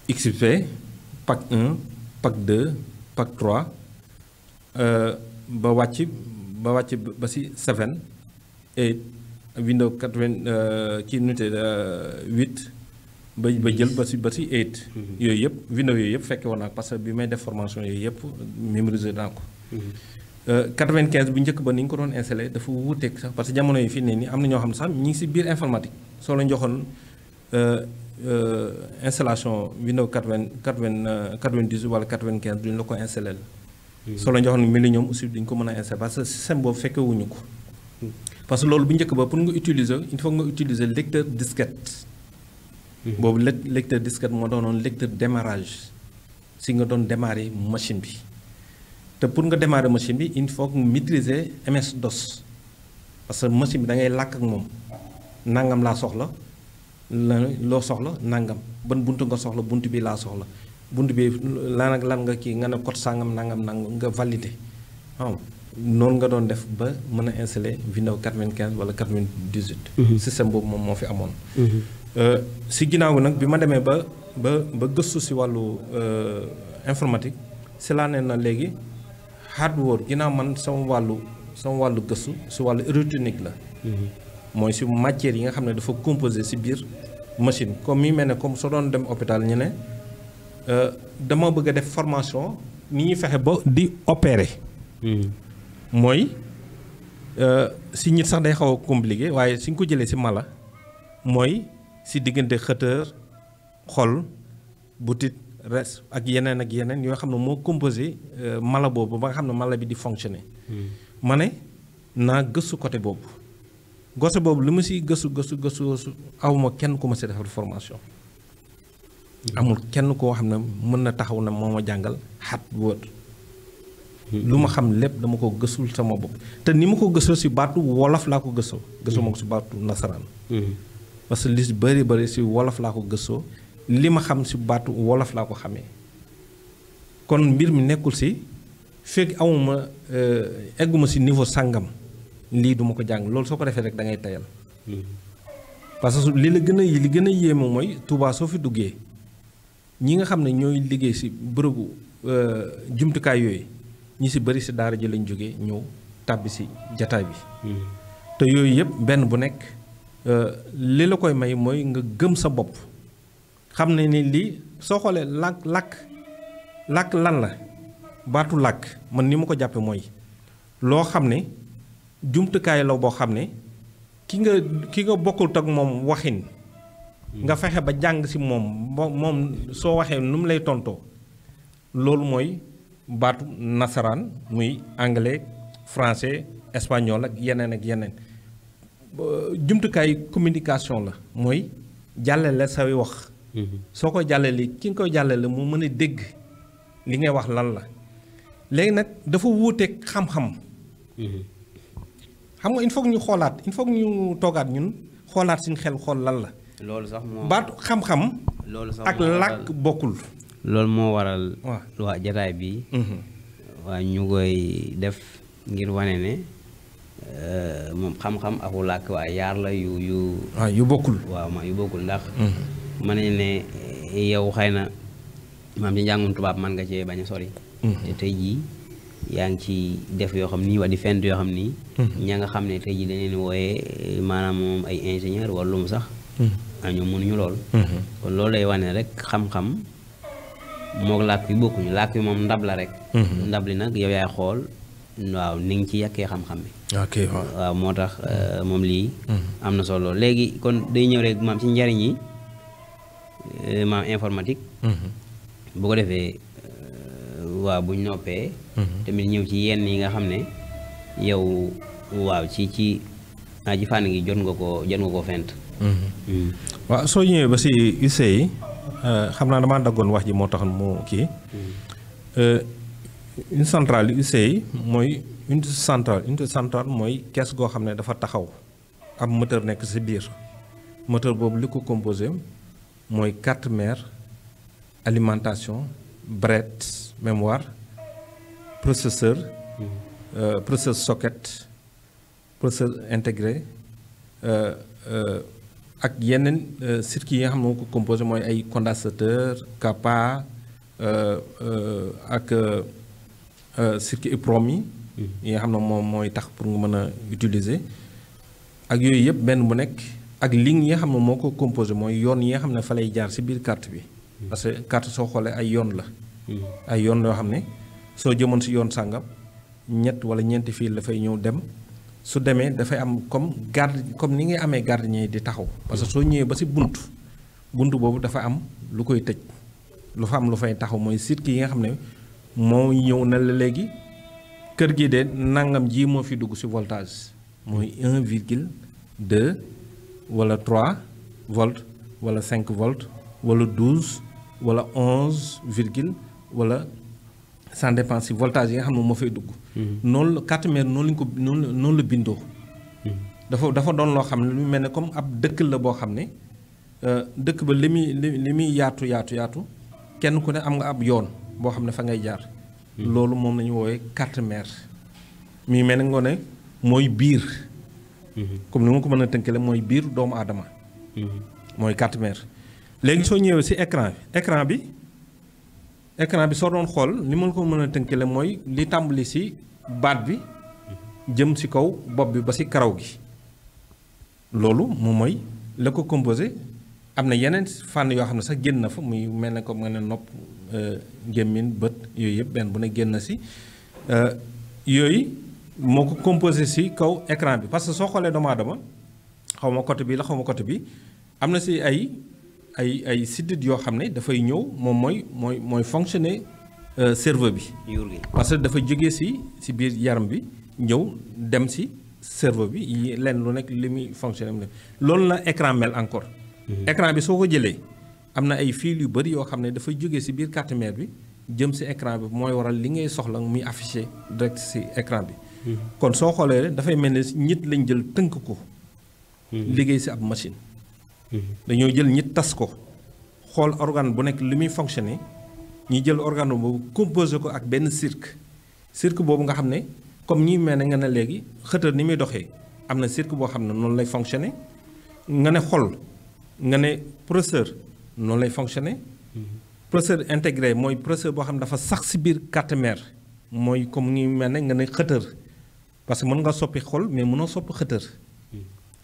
XP Pack 1 Pack 2 Pack 3 Euh, ba wàcc ba wàcc ba si seven eight Windows quatre-vingt euh, kii nute te euh, huit ba ba jël ba si ba si eight mm-hmm. yooyu yëpp Windows yooyu yëpp fekke woon naa parce que bi may def formation yooyu yëpp mémoriser naa ko 95 mm-hmm. bu njëkk ba ni ñu ko doon installé dafa wuuteeg sax parce que jamono yi fi ne ni am na ñoo xam ne sax ñu ngi si biir informatique soo la joxoon installation Windows 80 80 90 wala 95 duñ la ko installé la soo la joxoon ñoom aussi duñ ko mën a installé parce que système boobu fekkewuñu ko. parce que loolu bu njëkk ba pour nga utiliser il faut nga utiliser lecteur disquette. boobu le lecteur disquette moo doonoon lecteur démarage si nga doon démarrer machine bi te pour nga démarrer machine bi il faut nga maîtriser MS DOS parce que machine bi da ngay làkk ak moom nangam laa soxla la loo soxla nangam ban bunt nga soxla buntu bi laa soxla. bunt bi lan ak lan nga kii nga ne code sàngam nangam nangam nga validé waaw noonu nga doon def ba mën a installé Windows 95 wala 98. Mhm. système boobu moom moo fi amoon. Mhm. Euh, si ginnaaw nag bi ma demee ba ba ba gëstu si wàllu euh, informatique si laa na léegi hardware ginnaaw man sama wàllu sama wàllu gëstu si wàllu électronique la. Mhm. mooy si matière yi nga xam ne dafa composé si biir machine comme mii mel ne comme soo doon dem hôpital ñu ne. Euh, dama bëgg a def formation ni ñuy fexe ba di opérer. Hmm. mooy euh, si nit sax day xaw a compliqué waaye suñ ko jëlee si mala mooy si diggante xëtër xol butit res ak yeneen ak yeneen yoo xam ne moo composé euh, mala boobu ba nga xam ne mala bi di fonctionner. Hmm. ma ne naa gëstu côté boobu gose boobu lu ma si gëstu gëstu gëstu awma kenn ku ma si defal formation. amul kenn koo xam ne mën na taxaw na moo ma jàngal xat wóor lu ma xam lépp dama ko gësul sama bopp te ni ma ko gësoo si baatu wolof laa ko gësoo gësoo ma si baatu nasaraan mm-hmm. parce que li si bëri bëri si wolof laa ko gësoo li ma xam si baatu wolof laa ko xamee kon mbir mi nekkul si fekk amuma euh, egguma si niveau sàngam lii duma ko jàng loolu soo ko defee rek da ngay tayal mm-hmm. parce que li la gën a li gën a yéeme mooy Tuubaa soo fi duggee ñi nga xam ne ñooy liggéey si bërëbu euh, jumtukaay yooyu ñu si bari si daara ji lañu jóge ñëw tàbbi si jataay bi. Hmm. te yooyu yëpp benn bu nekk euh, li la koy may mooy nga gëm sa bopp xam ne ni lii soo xoolee làkk làkk làkk lan la baatu làkk man ni ma ko jàppee mooy loo xam ne jumtukaay la boo xam ne ki nga ki nga bokkul ak moom waxin. nga fexe ba jàng si moom moom soo waxee nu mu lay tontoo loolu mooy baatu nasaraan muy anglais français espagnol ak yeneen ak yeneen jumtukaay communication la mooy jàllale sa wax mm-hmm. soo ko jàllale ki nga koy jàllale mu mën a dégg li ngay wax lan la léegi nag dafa wuuteeg xam-xam mm-hmm. xam nga il faut ñu xoolaat il faut ñu toogaat ñun xoolaat suñu xel xool lan la loolu sax moom baatu xam-xam. loolu sax ak làkk bokkul. loolu moo waral. waaw waa jataay bii mhm. waa ñu koy def ngir wane ne euh, moom xam-xam ak làkk waa yaar la yu yu. yu bokkul. waaw ma yu bokkul ndax. Mhm. ma ne ne eh, yow xëy na maam ci njàngum tubaab man nga cee bañ a sori. Mhm. te tey jii yaa ngi ci def yoo xam nii wala di fent yoo xam nii. ña nga xam ne tey jii dañu leen wooyee eh, maanaam moom ay ingénieur wala sax. waaye ah, ñoom lool. Mm-hmm. kon loolu day wane rek xam-xam moog làkk yi bokkuñu làkk yi moom ndab la rek. Mm-hmm. ndab li nag yow yaay xool waaw ni ci yàkkee xam-xam bi. waaw moo tax euh, mm-hmm. moom lii. am na solo léegi kon day ñëw rek maam ci njariñ yi euh, maam informatique. bu ko defee euh, waaw buñ noppee. tamit ñëw ci yenn yi nga xam ne yow waaw ci ci ah ci fànn gi jot nga koo jot nga koo fent. Mm-hmm. waaw soo ñëwee ba si use yi euh, xam naa damaa daggoon wax ji moo taxoon moo kii euh, une centrale UC yi mooy unité centrale unité centrale mooy kees goo xam ne dafa taxaw ab moteur nekk si biir moteur boobu li ko composé mooy carte mère alimentation barrette mémoire processeur mm-hmm. euh, processeur socket processeur intégré ak yeneen euh, circuit yi nga xam ne moo ko composé mooy ay condensateur capa euh, euh, ak circuit EPROM yi. Mm-hmm. yi nga xam ne moom mooy tax pour nga mën a utiliser. ak yooyu yëpp benn bu nekk ak ligne yi nga xam ne moo ko composé mooy yoon yi nga xam ne fa lay jaar si biir carte bi. Mm-hmm. parce que carte soo xoolee ay yoon la. Mm-hmm. ay yoon loo xam ne soo jëmoon si yoon sàngam ñett wala ñeenti fii la fay ñëw dem. su demee dafay am comme garde comme ni ngay amee gardien di taxaw parce que soo ñëwee ba si bunt bunt boobu dafa am lu koy tëj lu fa am lu fay taxaw mooy site ki yi nga xam ne moo ñëw na la léegi kër gi de nangam ji moo fi dugg si voltage mooy 1 virgule 2 wala 3 volt wala 5 volt walla 12 wala 11 virgule wala sans dépense si voltage yi nga xam ne moo fay dugg Mm-hmm. noonu la carte mère noonu lañ ko noonu la noonu la bindoo. Mm-hmm. dafa dafa doon loo xam ne lu mel ne comme ab dëkk la boo xam ne euh, dëkk ba li muy li muy yaatu yaatu yaatu kenn ku ne am nga ab yoon boo xam ne fa ngay jaar. Mm-hmm. loolu moom la ñu woowee carte mère. mel ne nga mooy biir. comme ni ma ko mën a tënkale mooy biir doomu aadama. mooy carte mère léegi soo ñëwee si écran bi écran bi. écran bi soo doon xool ni ma ko mën a tënkile mooy li tàmbali si baat bi jëm si kaw bopp bi ba si karaw gi loolu moom mooy la ko composé am na yeneen fànn yoo xam ne sax génn na fa muy mel ne ko nga ne nopp euh, gémmiñ bët yooyu yëpp benn bu ne génn na si euh, yooyu moo ko composé si kaw ecran bi parce que soo xoolee doomu aadama xaw ma côté bi la xaw ma côté bi am na si ay ay ay siddit yoo xam ne dafay ñëw moom mooy mooy mooy fonctionner cerveau euh, bi. parce que dafa jógee si si biir yaram bi ñëw dem si cerveau bi lenn lu nekk li muy fonctionner mu ne loolu la écran mel encore. Mhm. écran bi soo ko jëlee am na ay fil yu bëri yoo xam ne dafay jóge si biir carte mère bi jëm si écran bi mooy waral li ngay soxla muy affiché direct si écran bi. Mhm. kon soo xoolee dafay mel ni nit lañ jël tënk ko. Mhm. liggéey si ab machine. dañoo jël ñi tas ko xool organe bu nekk li muy fonctionner ñu jël organe boobu composé ko ak benn cirque cirque boobu nga xam ne comme ñi mel ne nga ne léegi xëtër ni muy doxee am na cirque boo xam ne noonu lay fonctionner nga ne xol nga ne processeur noonu lay fonctionner processeur intégré mooy processeur boo xam ne dafa sax si biir carte mère mooy comme ñi mel ne nga ne xëtër parce que mën nga soppi xol mais mënoo sopp xëtër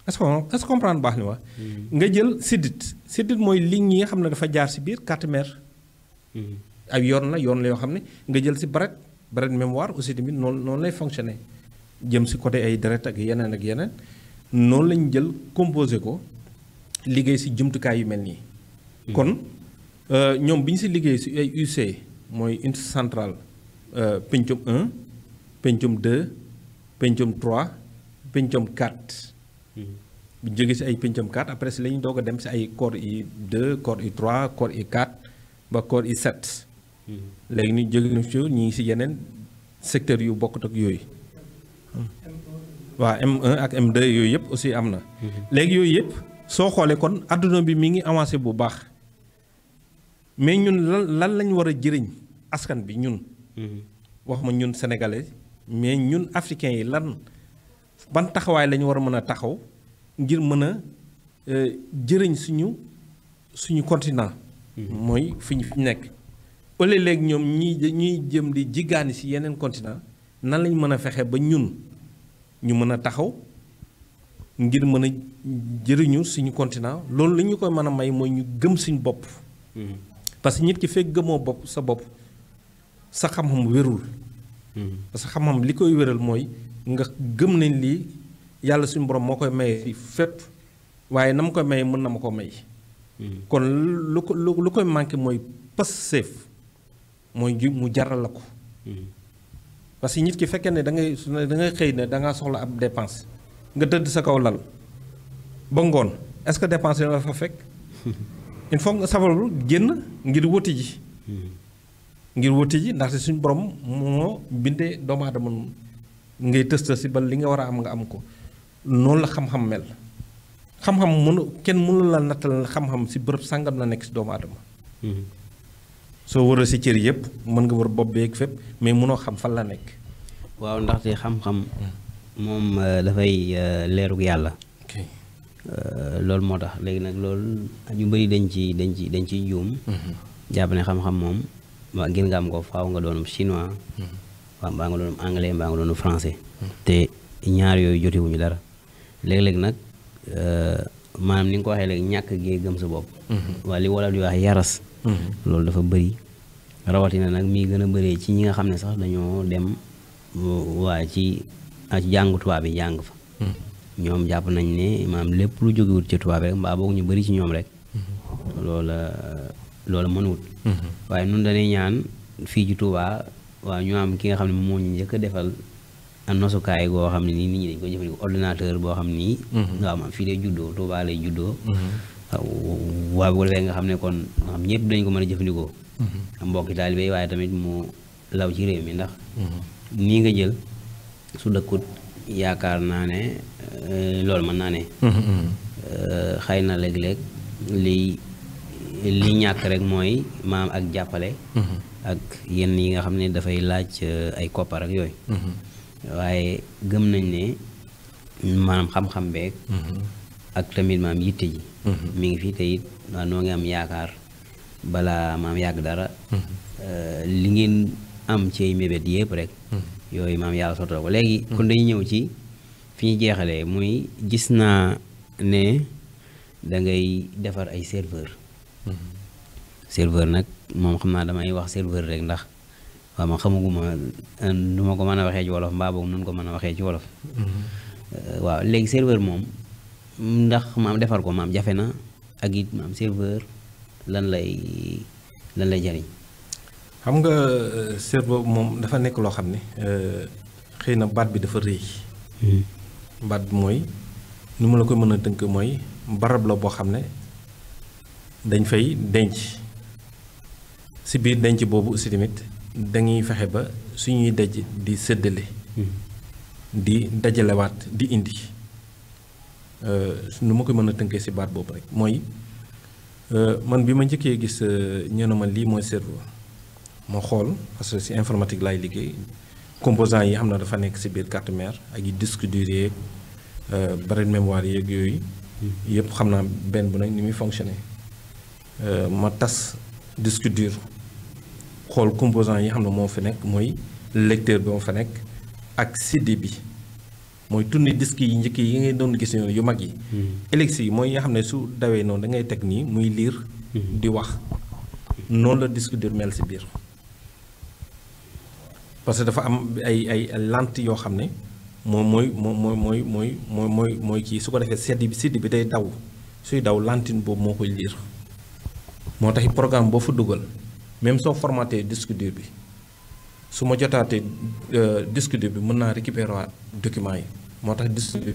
est-ce que est baax li wax hmm. nga jël siddit siddit mooy ligne yi nga xam ne dafa jaar si biir carte mère. Hmm. ay yoon la yoon la yoo xam ne nga jël si baret baret mémoire aussi tamit noonu noonu lay fonctionner jëm si côté ay deret ak yeneen ak yeneen noonu lañ jël composé ko liggéey si jumtukaay yu mel nii. Hmm. kon euh, ñoom bi ñu si liggéey si ay UC mooy unité centrale euh, pencum 1 pencum de pencum 3 pencum 4. bu ñu jógee si ay pencam 4 après si la ñu doog a dem si ay corps i 2 corps i 3 corps i 4 ba corps i 7. léegi ñu jóge na si ñu ngi si yeneen secteurs yu bokkut ak yooyu. waa m ak M2 yooyu yëpp aussi am na. léegi yooyu yëpp soo xoolee kon adduna bi mi ngi avancé bu baax mais ñun lan lan lañ war a jëriñ askan bi ñun. Hmm. wax ma ñun sénégalais mais ñun africains yi lan. ban taxawaay la war a mën a taxaw ngir mën a euh, jëriñ suñu suñu continent. Mhm. mooy fi ñu fi nekk. ole léegi ñoom ñi ñuy jëm di jiggaani si yeneen continent nan lañ mën a fexe ba ñun ñu mën a taxaw ngir mën a jëriñu suñu continent loolu lañu ñu koy mën a may mooy ñu gëm suñu bopp. Mhm. parce que nit ki fekk gëmoo bopp sa bopp sa xamam xam wérul. parce que xam li koy wéral mooy nga gëm nañ lii yàlla suñu borom moo koy maye fépp waaye na ma koy maye mën na ma koo may. kon lu ko lu koy manqué mooy pas seef mooy ji mu jaral la ko. parce que nit ki fekkee ne da ngay su da ngay xëy ne da ngaa soxla ab dépense nga tëdd sa kaw lal ba ngoon est-ce que dépense la fa fekk il faut nga sabablu génn ngir wuti ji. Hmm. ngir wuti ji ndaxte suñu borom moo bindee doomu aadama ngay tës tës si ba li nga war a am nga am ko noonu la xam-xam mel xam-xam mënu kenn mënu la nattal xam-xam si bërëb sàngam la nekk si doomu aadama. Mhm. soo wëral si cër yëpp mën nga wër bopp beeg fépp mais mënoo xam fan la nekk. waaw ndaxte xam-xam. Hmm. moom euh, dafay euh, leerug yàlla. Euh, loolu moo tax léegi nag loolu ñu bëri dañ ci dañ ci dañ ciy juum. Hmm. jàpp xam-xam moom. gën nga am ko faaw nga doonu chinois waaw hmm. mbaa nga doon anglais mbaa nga doon français hmm. te ñaar yooyu jotewuñu dara léeg-léeg nag euh, maanaam ni nga ko waxee léegi ñàkk gee gëm sa bopp hmm. waa li wala di wax yaras loolu dafa bëri rawatina nag mii gën a bëree ci ñi nga xam ne sax dañoo dem euh, waa ci a jàngu tubaab bi jàng fa ñoom jàpp nañ ne maam lépp lu jógewut ci tubaab rek mbaa boog ñu bari ci ñoom rek loola loolu mënuwut mm-hmm. waaye nun dañuy ñaan fii ji Touba waaw ñu am ki nga xam ne moo ñu njëkk a defal nosukaay goo xam ne nii nit ñi dañ ko jëfandikoo ordinateur boo xam nii nga mm-hmm. xam fii lay juddoo Touba lay juddoo mm-hmm. nga xam ne kon nga xam ñëpp dañ ko mën a jëfandikoo am mbokki taalibe waaye tamit mu law ci réew mi ndax nii nga jël su dëkkut yaakaar naa ne eh, loolu mën naa ne eh, na léeg-léeg lii li ñàkk rek mooy maam ak jàppale mhm. ak yenn yi nga xam ne dafay laaj euh, ay koppar ak yooyu mhm. waaye gëm nañ ne maanaam xam-xam beeg mhm. ak tamit maam yitte ji mi ngi fi te it noo ngi am yaakaar balaa maam yàgg dara euh, li ngeen am ci ay mébét yëpp rek yooyu maam yàlla sottoo ko léegi kon dañuy ñëw ci fi ñu jeexalee muy gis naa ne da ngay defar ay serveur serveur nag moom xam naa damay wax serveur rek ndax ma xamaguma nu ma ko mën a waxee ci wolof mbaa boobu nunu ko mën a waxee ci wolof mhm. waaw léegi serveur moom ndax maam defar ko maam jafe na ak serveur lan lay lan lay jariñ xam nga euh, serveur moom dafa nekk loo xam ne euh, xëy na baat bi dafa rëy hmm. baat bi mooy nu ma la koy mën a tënk mooy barab la boo xam ne dañ fay denc si biir denc boobu aussi tamit dañuy fexe ba suñuy daj di séddale hmm. di dajalewaat di indi euh, nu ma ko mën a tënkee si baat boobu rek mooy euh, man bi ma njëkkee gis euh, ñu ne ma lii mooy cerveau ma xool parce que si informatique laay liggéey composant yi xam na dafa nekk si biir carte mère ak yi disque dur yeeg barre mémoire yeeg yooyu hmm. yëpp xam naa benn bu nag ni muy fonctionner Euh, ma tas disque dur xool composant yi xam ne moo fi nekk mooy lecteur bi moo fa nekk ak CD bi mooy tourne disque yi njëkk yi ngay doon gis yu mag yi. Hmm. élex yi mooy yi nga xam ne su dawee noonu da ngay teg nii muy liir. Hmm. di wax noonu la disque dur mel si biir. parce que dafa am ay ay lente yoo xam ne moom mooy moom mooy mooy mooy mooy mooy kii su ko defee sedd bi sedd bi day daw suy daw lentine boobu moo koy liir. moo tax programme boo fa dugal même soo formaté disque dur bi su ma jotaatee euh, disque dur bi mën naa récupérer waa documents yi moo tax disque dur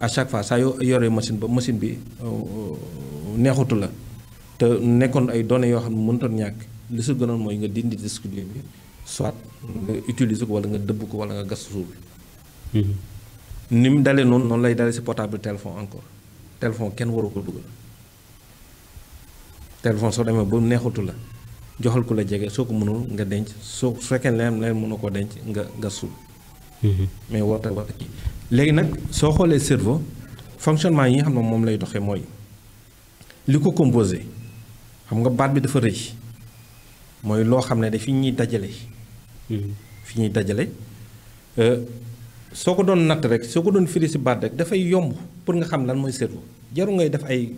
à chaque fois saa yoree machine ba machine bi euh, neexutu la te nekkoon ay données yoo xam ne mënutoon ñàkk li su gënoon mooy nga dindi disque dur bi soit nga utiliser ko wala nga dëbb ko wala nga gas suuf bi. Mm-hmm. ni mu dalee noonu noonu lay dalee si portable téléphone encore téléphone kenn waru ko dugal. téléphone soo demee ba neexutu la joxal ku la jege soo ko mënul nga denc soo su fekkee leen leen mënu ko denc nga nga suul. Mhm. mais warta warta léegi nag soo xoolee cerveau fonctionnement yi nga xam ne moom lay doxee mooy li ko composé xam nga baat bi dafa rëy mooy loo xam ne daf fi ñuy dajale. Mhm. fi ñuy dajale euh, soo ko doon natt rek soo ko doon firi si baat rek dafay yomb pour nga xam lan mooy cerveau jaru ngay def ay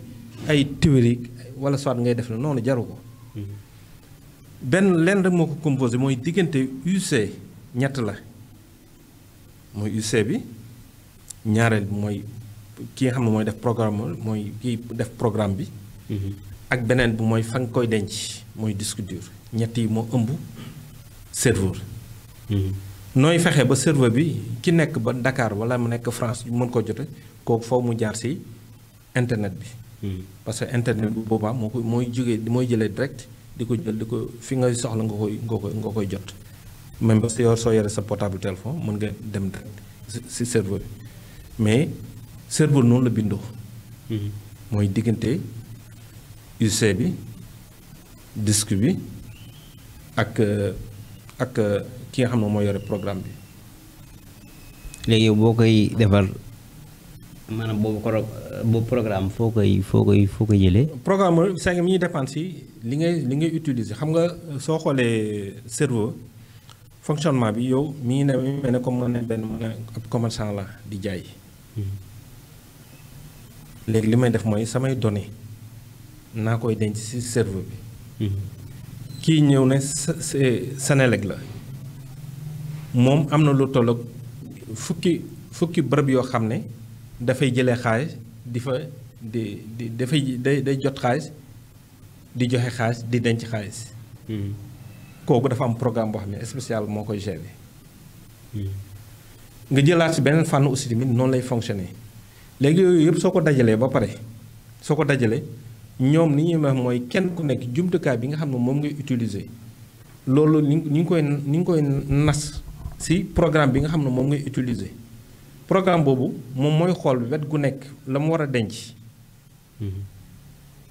ay théorie wala soit ngay def na noonu jaru ko mhm. benn lenn rek moo ko composé mooy diggante UC ñett la mooy UC bi ñaareel bi mooy ki nga xam ne mooy def programme mooy kii def programme bi mhm. ak beneen bi mooy fan koy denc mooy disque dur ñett yi moo ëmb serveur mhm. nooy fexe ba serveur bi ki nekk ba Dakar wala mu nekk France mën ko jot kooku foofu mu jaar si internet bi parce que internet bu boobaa moo ko mooy jógee mooy jëlee direct di ko jël di ko fi nga soxla nga koy nga koy koy jot même ba soo soo yore sa portable téléphone mën nga dem direct si serveur bi mais serveur noonu la bindoo mhm. mooy diggante UC bi disque bi ak ak ki nga xam ne moo yore programme bi léegi boo koy defar maanaam boobu boobu programme foo koy foo koy foo koy jëlee. programme cinq mi ñuy dépendre si li ngay li ngay utiliser xam nga soo xoolee cerveau fonctionnement bi yow mi ngi ne mi mel ne comme man benn man ab commerçant la di jaay. Hmm. léegi li may def mooy samay données naa koy denc si cerveau bi. Hmm. kii ñëw ne Senelec la moom am na lu toll ak fukki fukki bërëb yoo xam ne. dafay jële xaalis di fa di di dafay day day jot xaalis di joxe xaalis di denc xaalis. Hmm. kooku dafa am programme boo xam ne spécial moo koy gérer. Hmm. nga jëlaat si beneen fànn aussi tamit noonu lay fonctionner léegi yooyu yëpp soo ko dajalee ba pare soo ko dajalee ñoom ni ñuy ma mooy kenn ku nekk jumtukaay bi nga xam ne moom ngay utiliser loolu ni ñu ngi koy ni ngi koy nas si programme bi nga xam ne moom ngay utiliser. programme boobu moom mooy xool wet gu nekk la mu war a denc. Mhm.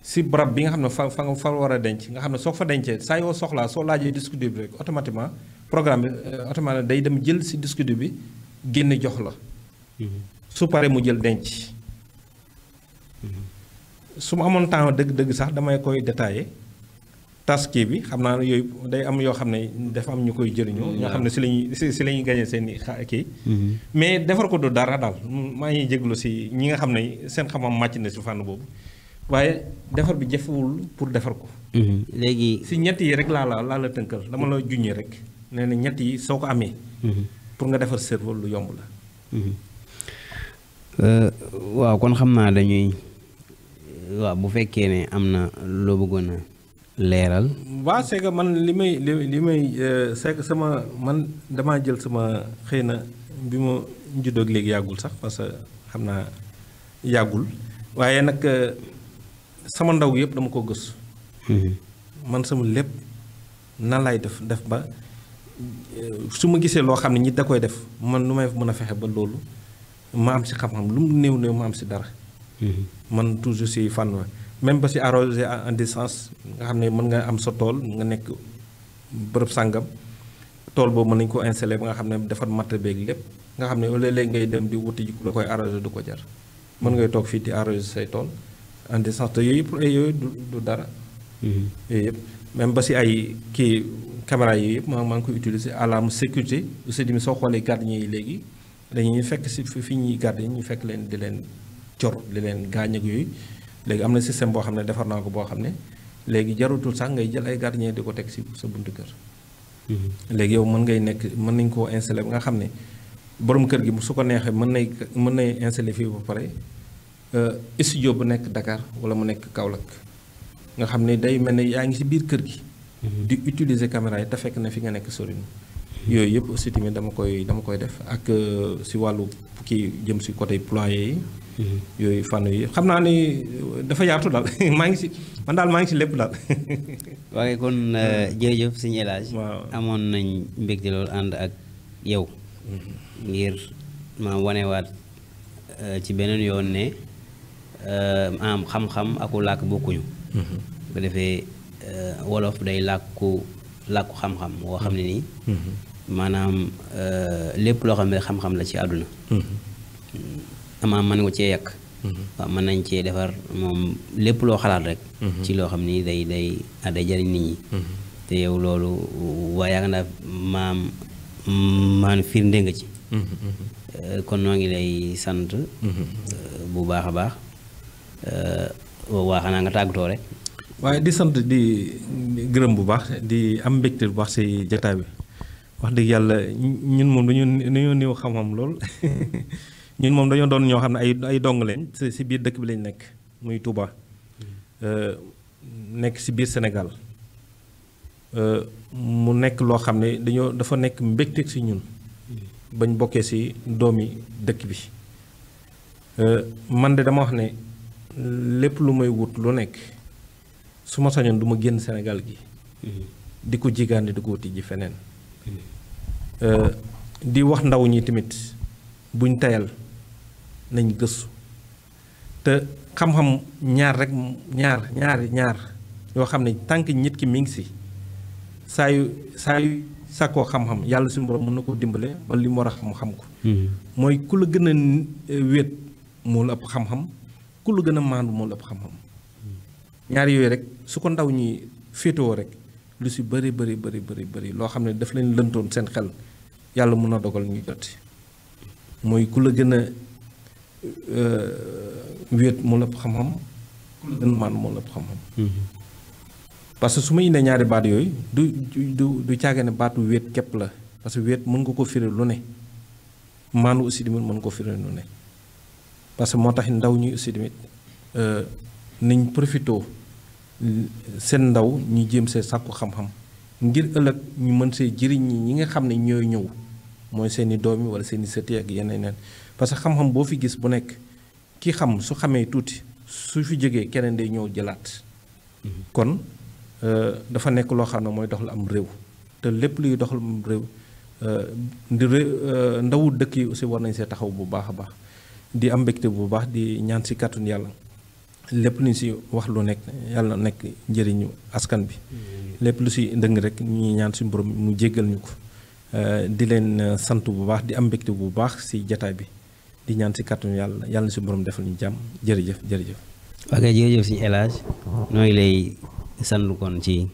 si barab bi nga xam ne fa fa nga fa war a denc nga xam ne soo fa dencee saa yoo soxlaa soo laajee disque dur bi rek automatiquement programme bi euh, automatiquement day dem jël si disque bi génn jox la. Mhm. su paree mu jël denc. Mhm. su ma amoon temps dëgg-dëgg sax damay koy détaillé. taski bi xam naa ne yooyu day am yoo xam ne dafa am ñu koy jëriñoo. ñoo xam ne si la ñuy si la ñuy gañee seen i xa kii. Mm-hmm. mais defar ko du dara daal maa ngi jéglu si ñi nga xam ne seen xam màcc na si fànn boobu waaye defar bi jafewul pour defar ko. Mm-hmm. léegi si ñett yi rek laa la laa la tënkal dama la juñee rek nee na ñett yi soo ko amee. Mm-hmm. pour nga defar serveur lu yomb la. Euh, waaw kon xam naa dañuy waaw bu fekkee ne am na loo bëggoon a leeral. waaw c'est que man li may li may euh, c'est que sama man damaa jël sama xëy na bi ma juddoog léegi yàggul sax parce que xam naa yàggul waaye nag euh, sama ndaw yëpp dama ko gëstu. Mhm. man sama lépp nan laay def def ba euh, su ma gisee loo xam ne ñi da koy def man lu may mën a fexe ba loolu ma am si xam-xam lu mu néew néew ma am si dara. Mhm. man toujours si fànn même ba si arrosé en distance nga xam ne mën nga am sa tool nga nekk bërëb sàngam tool boobu mën nañ ko installé ba nga xam ne defar matt beeg lépp nga xam ne au léeg ngay dem di wuti ji la koy arrosé du ko jar mën ngay toog fii di arrosé say tool en distance te yooyu yëpp yooyu du dara. Mhm. yooyu yëpp même ba si ay kii caméra yooyu yëpp maa maa ngi koy utiliser alarme sécurité aussi tamit soo xoolee gardien yi léegi dañuy fekk si fi ñuy gardien ñu fekk leen di leen cor di leen gaañ léegi am na système boo xam ne defar naa ko boo xam ne léegi jarutul sax ngay jël ay gardien di ko teg si sa buntu kër. Mhm. léegi yow mën ngay nekk mën nañ koo installé ba nga xam ne borom kër gi su ko neexee mën nay mën nay installé fii ba pare euh, studio bu nekk Dakar wala mu nekk Kaolack nga xam ne day mel ne yaa ngi si biir kër gi. Mhm. di utiliser caméra yi te fekk na fi nga nekk sori mhm. yooyu yëpp aussi tamit dama koy dama koy def ak euh, si wàllu ki jëm si côté ployé yi. Mm-hmm. yooyu fànn xam naa ni dafa yaatu daal maa ngi si man daal maa ngi si lépp daal. waaye kon mm-hmm. euh, jërëjëf sëñ El Hadj. amoon nañ mbégte loolu ànd ak yow. Mm-hmm. ngir ma wanewaat euh, ci beneen yoon ne euh, am xam-xam aku làkk bokkuñu. bu defee wolof day làkku làkku xam-xam woo xam ne nii. maanaam lépp loo xam ne xam-xam la ci àdduna. Mm. a mën ko cee yàq mm-hmm. waaw mën nañ cee defar moom lépp loo xalaat rek mm-hmm. ci loo xam nii day day ah, day jëriñ nit ñi mm-hmm. te yow loolu waa yaakaar naa maam maan firnde nga ci euh, kon noo ngi lay sant euh, bu baax a baax euh, waa xanaa nga tàggatoo rek waaye di sant di gërëm bu baax di am mbégte bu baax si jataay wax dëgg yàlla ñun moom dañoo néew xam lool ñun moom dañoo doon ñoo xam ne ay ay dong leen si biir dëkk bi lañ nekk muy Touba hmm. euh, nekk si biir Sénégal euh, mu nekk loo xam ne dañoo dafa nekk mbégte si ñun hmm. bañ bokkee si doomi dëkk bi euh, man de dama wax ne lépp lu may wut lu nekk su ma sañoon duma génn senegal gi hmm. di ko jigaane di ko wuti ji feneen di wax ndaw ñi tamit buñ tayal nañ gësu te xam-xam ñaar rek ñaar ñaar ñaar yoo xam ne tànk nit ki mi ngi si saa yu saa yu sàkkoo xam-xam yàlla si borom mën na koo dimbale ba li mu war a xam-xam ko. Hmm. mooy ku la gën a eh, wéet moo la ëpp xam-xam ku la gën a maandu moo la ëpp xam-xam ñaar yooyu rek su ko ndaw ñi féetewoo rek lu si bëri bëri bari bari bëri loo xam ne daf leen lëntoon seen xel yàlla mun na dogal ñu jot mooy ku la gën a Euh, wéet moo la xam-xam gën maan moo la xam-xam mhm. parce que su ma indee ñaari baat yooyu du du du caage ne baatu wéet képp la parce que wéet mën nga ko firi lu ne aussi tamit mën ko firi lu ne parce que moo tax ndaw ñi aussi tamit euh, nañ profité seen ndaw ñu jéem see sàkku xam-xam ngir ëllëg ñu mën see jëriñ ñi ñi nga xam ne ñooy ñëw mooy seen i doom yi wala seeni i sët yi ak yeneen parce que xam-xam boo fi gis bu nekk ki xam su xamee tuuti su fi jógee keneen day ñëw jëlaat. kon euh, dafa nekk loo xam ne mooy doxal am réew te lépp luy doxal am réew ndi euh, euh, ndawu dëkk yi aussi war nañ see taxaw bu baax a baax di am mbégte bu baax di ñaan si kàttun yàlla lépp lu ñu si wax lu nekk yàlla nekk njëriñu askan bi mm-hmm. lépp lu si dëng rek ñuy ñaan si borom mu jéggal ñu ko Euh, di leen euh, sant bu baax di am mbégte bu baax si jataay bi di ñaan si kàttanu yàlla yàlla na si borom defal ñu jàmm jërëjëf jërëjëf. ok jërëjëf suñu El Hadj nooy lay sant kon ci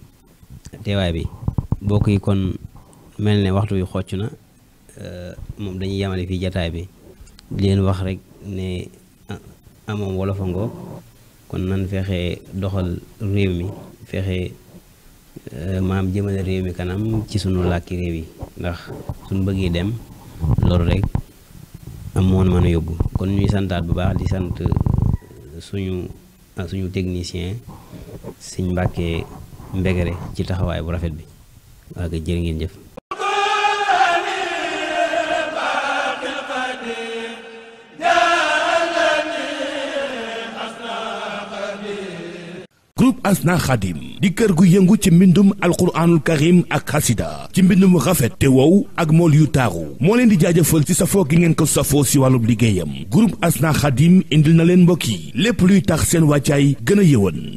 teewaay bi bokk yi kon mel ne waxtu wi xocc na euh, moom dañuy yamale fii jataay bi di leen wax rek ne ah, amoon wolofa ngoo kon nan fexe doxal réew mi fexe. Euh, maam jëmale réew mi kanam ci suñu làkki réew yi ndax suñu bëggee dem loolu rek am moon mën a yóbbu kon ñuy santaat bu baax di sant euh, suñu suñu technicien Sëñ Mbàkke Mbegere ci taxawaay bu rafet bi waaye jërë ngeen jëf groupe Asna Khadim di kër gu yëngu ci mbindum al alquraanul karim ak xasida ci mbindum rafet te wow ak mool yu taaru moo leen di jaajëfal ci safoo gi ngeen ko safoo si wàllu liggéeyam groupe Asna Khadim indil na leen mbokk yi lépp luy tax seen wàccaay gën a yëwan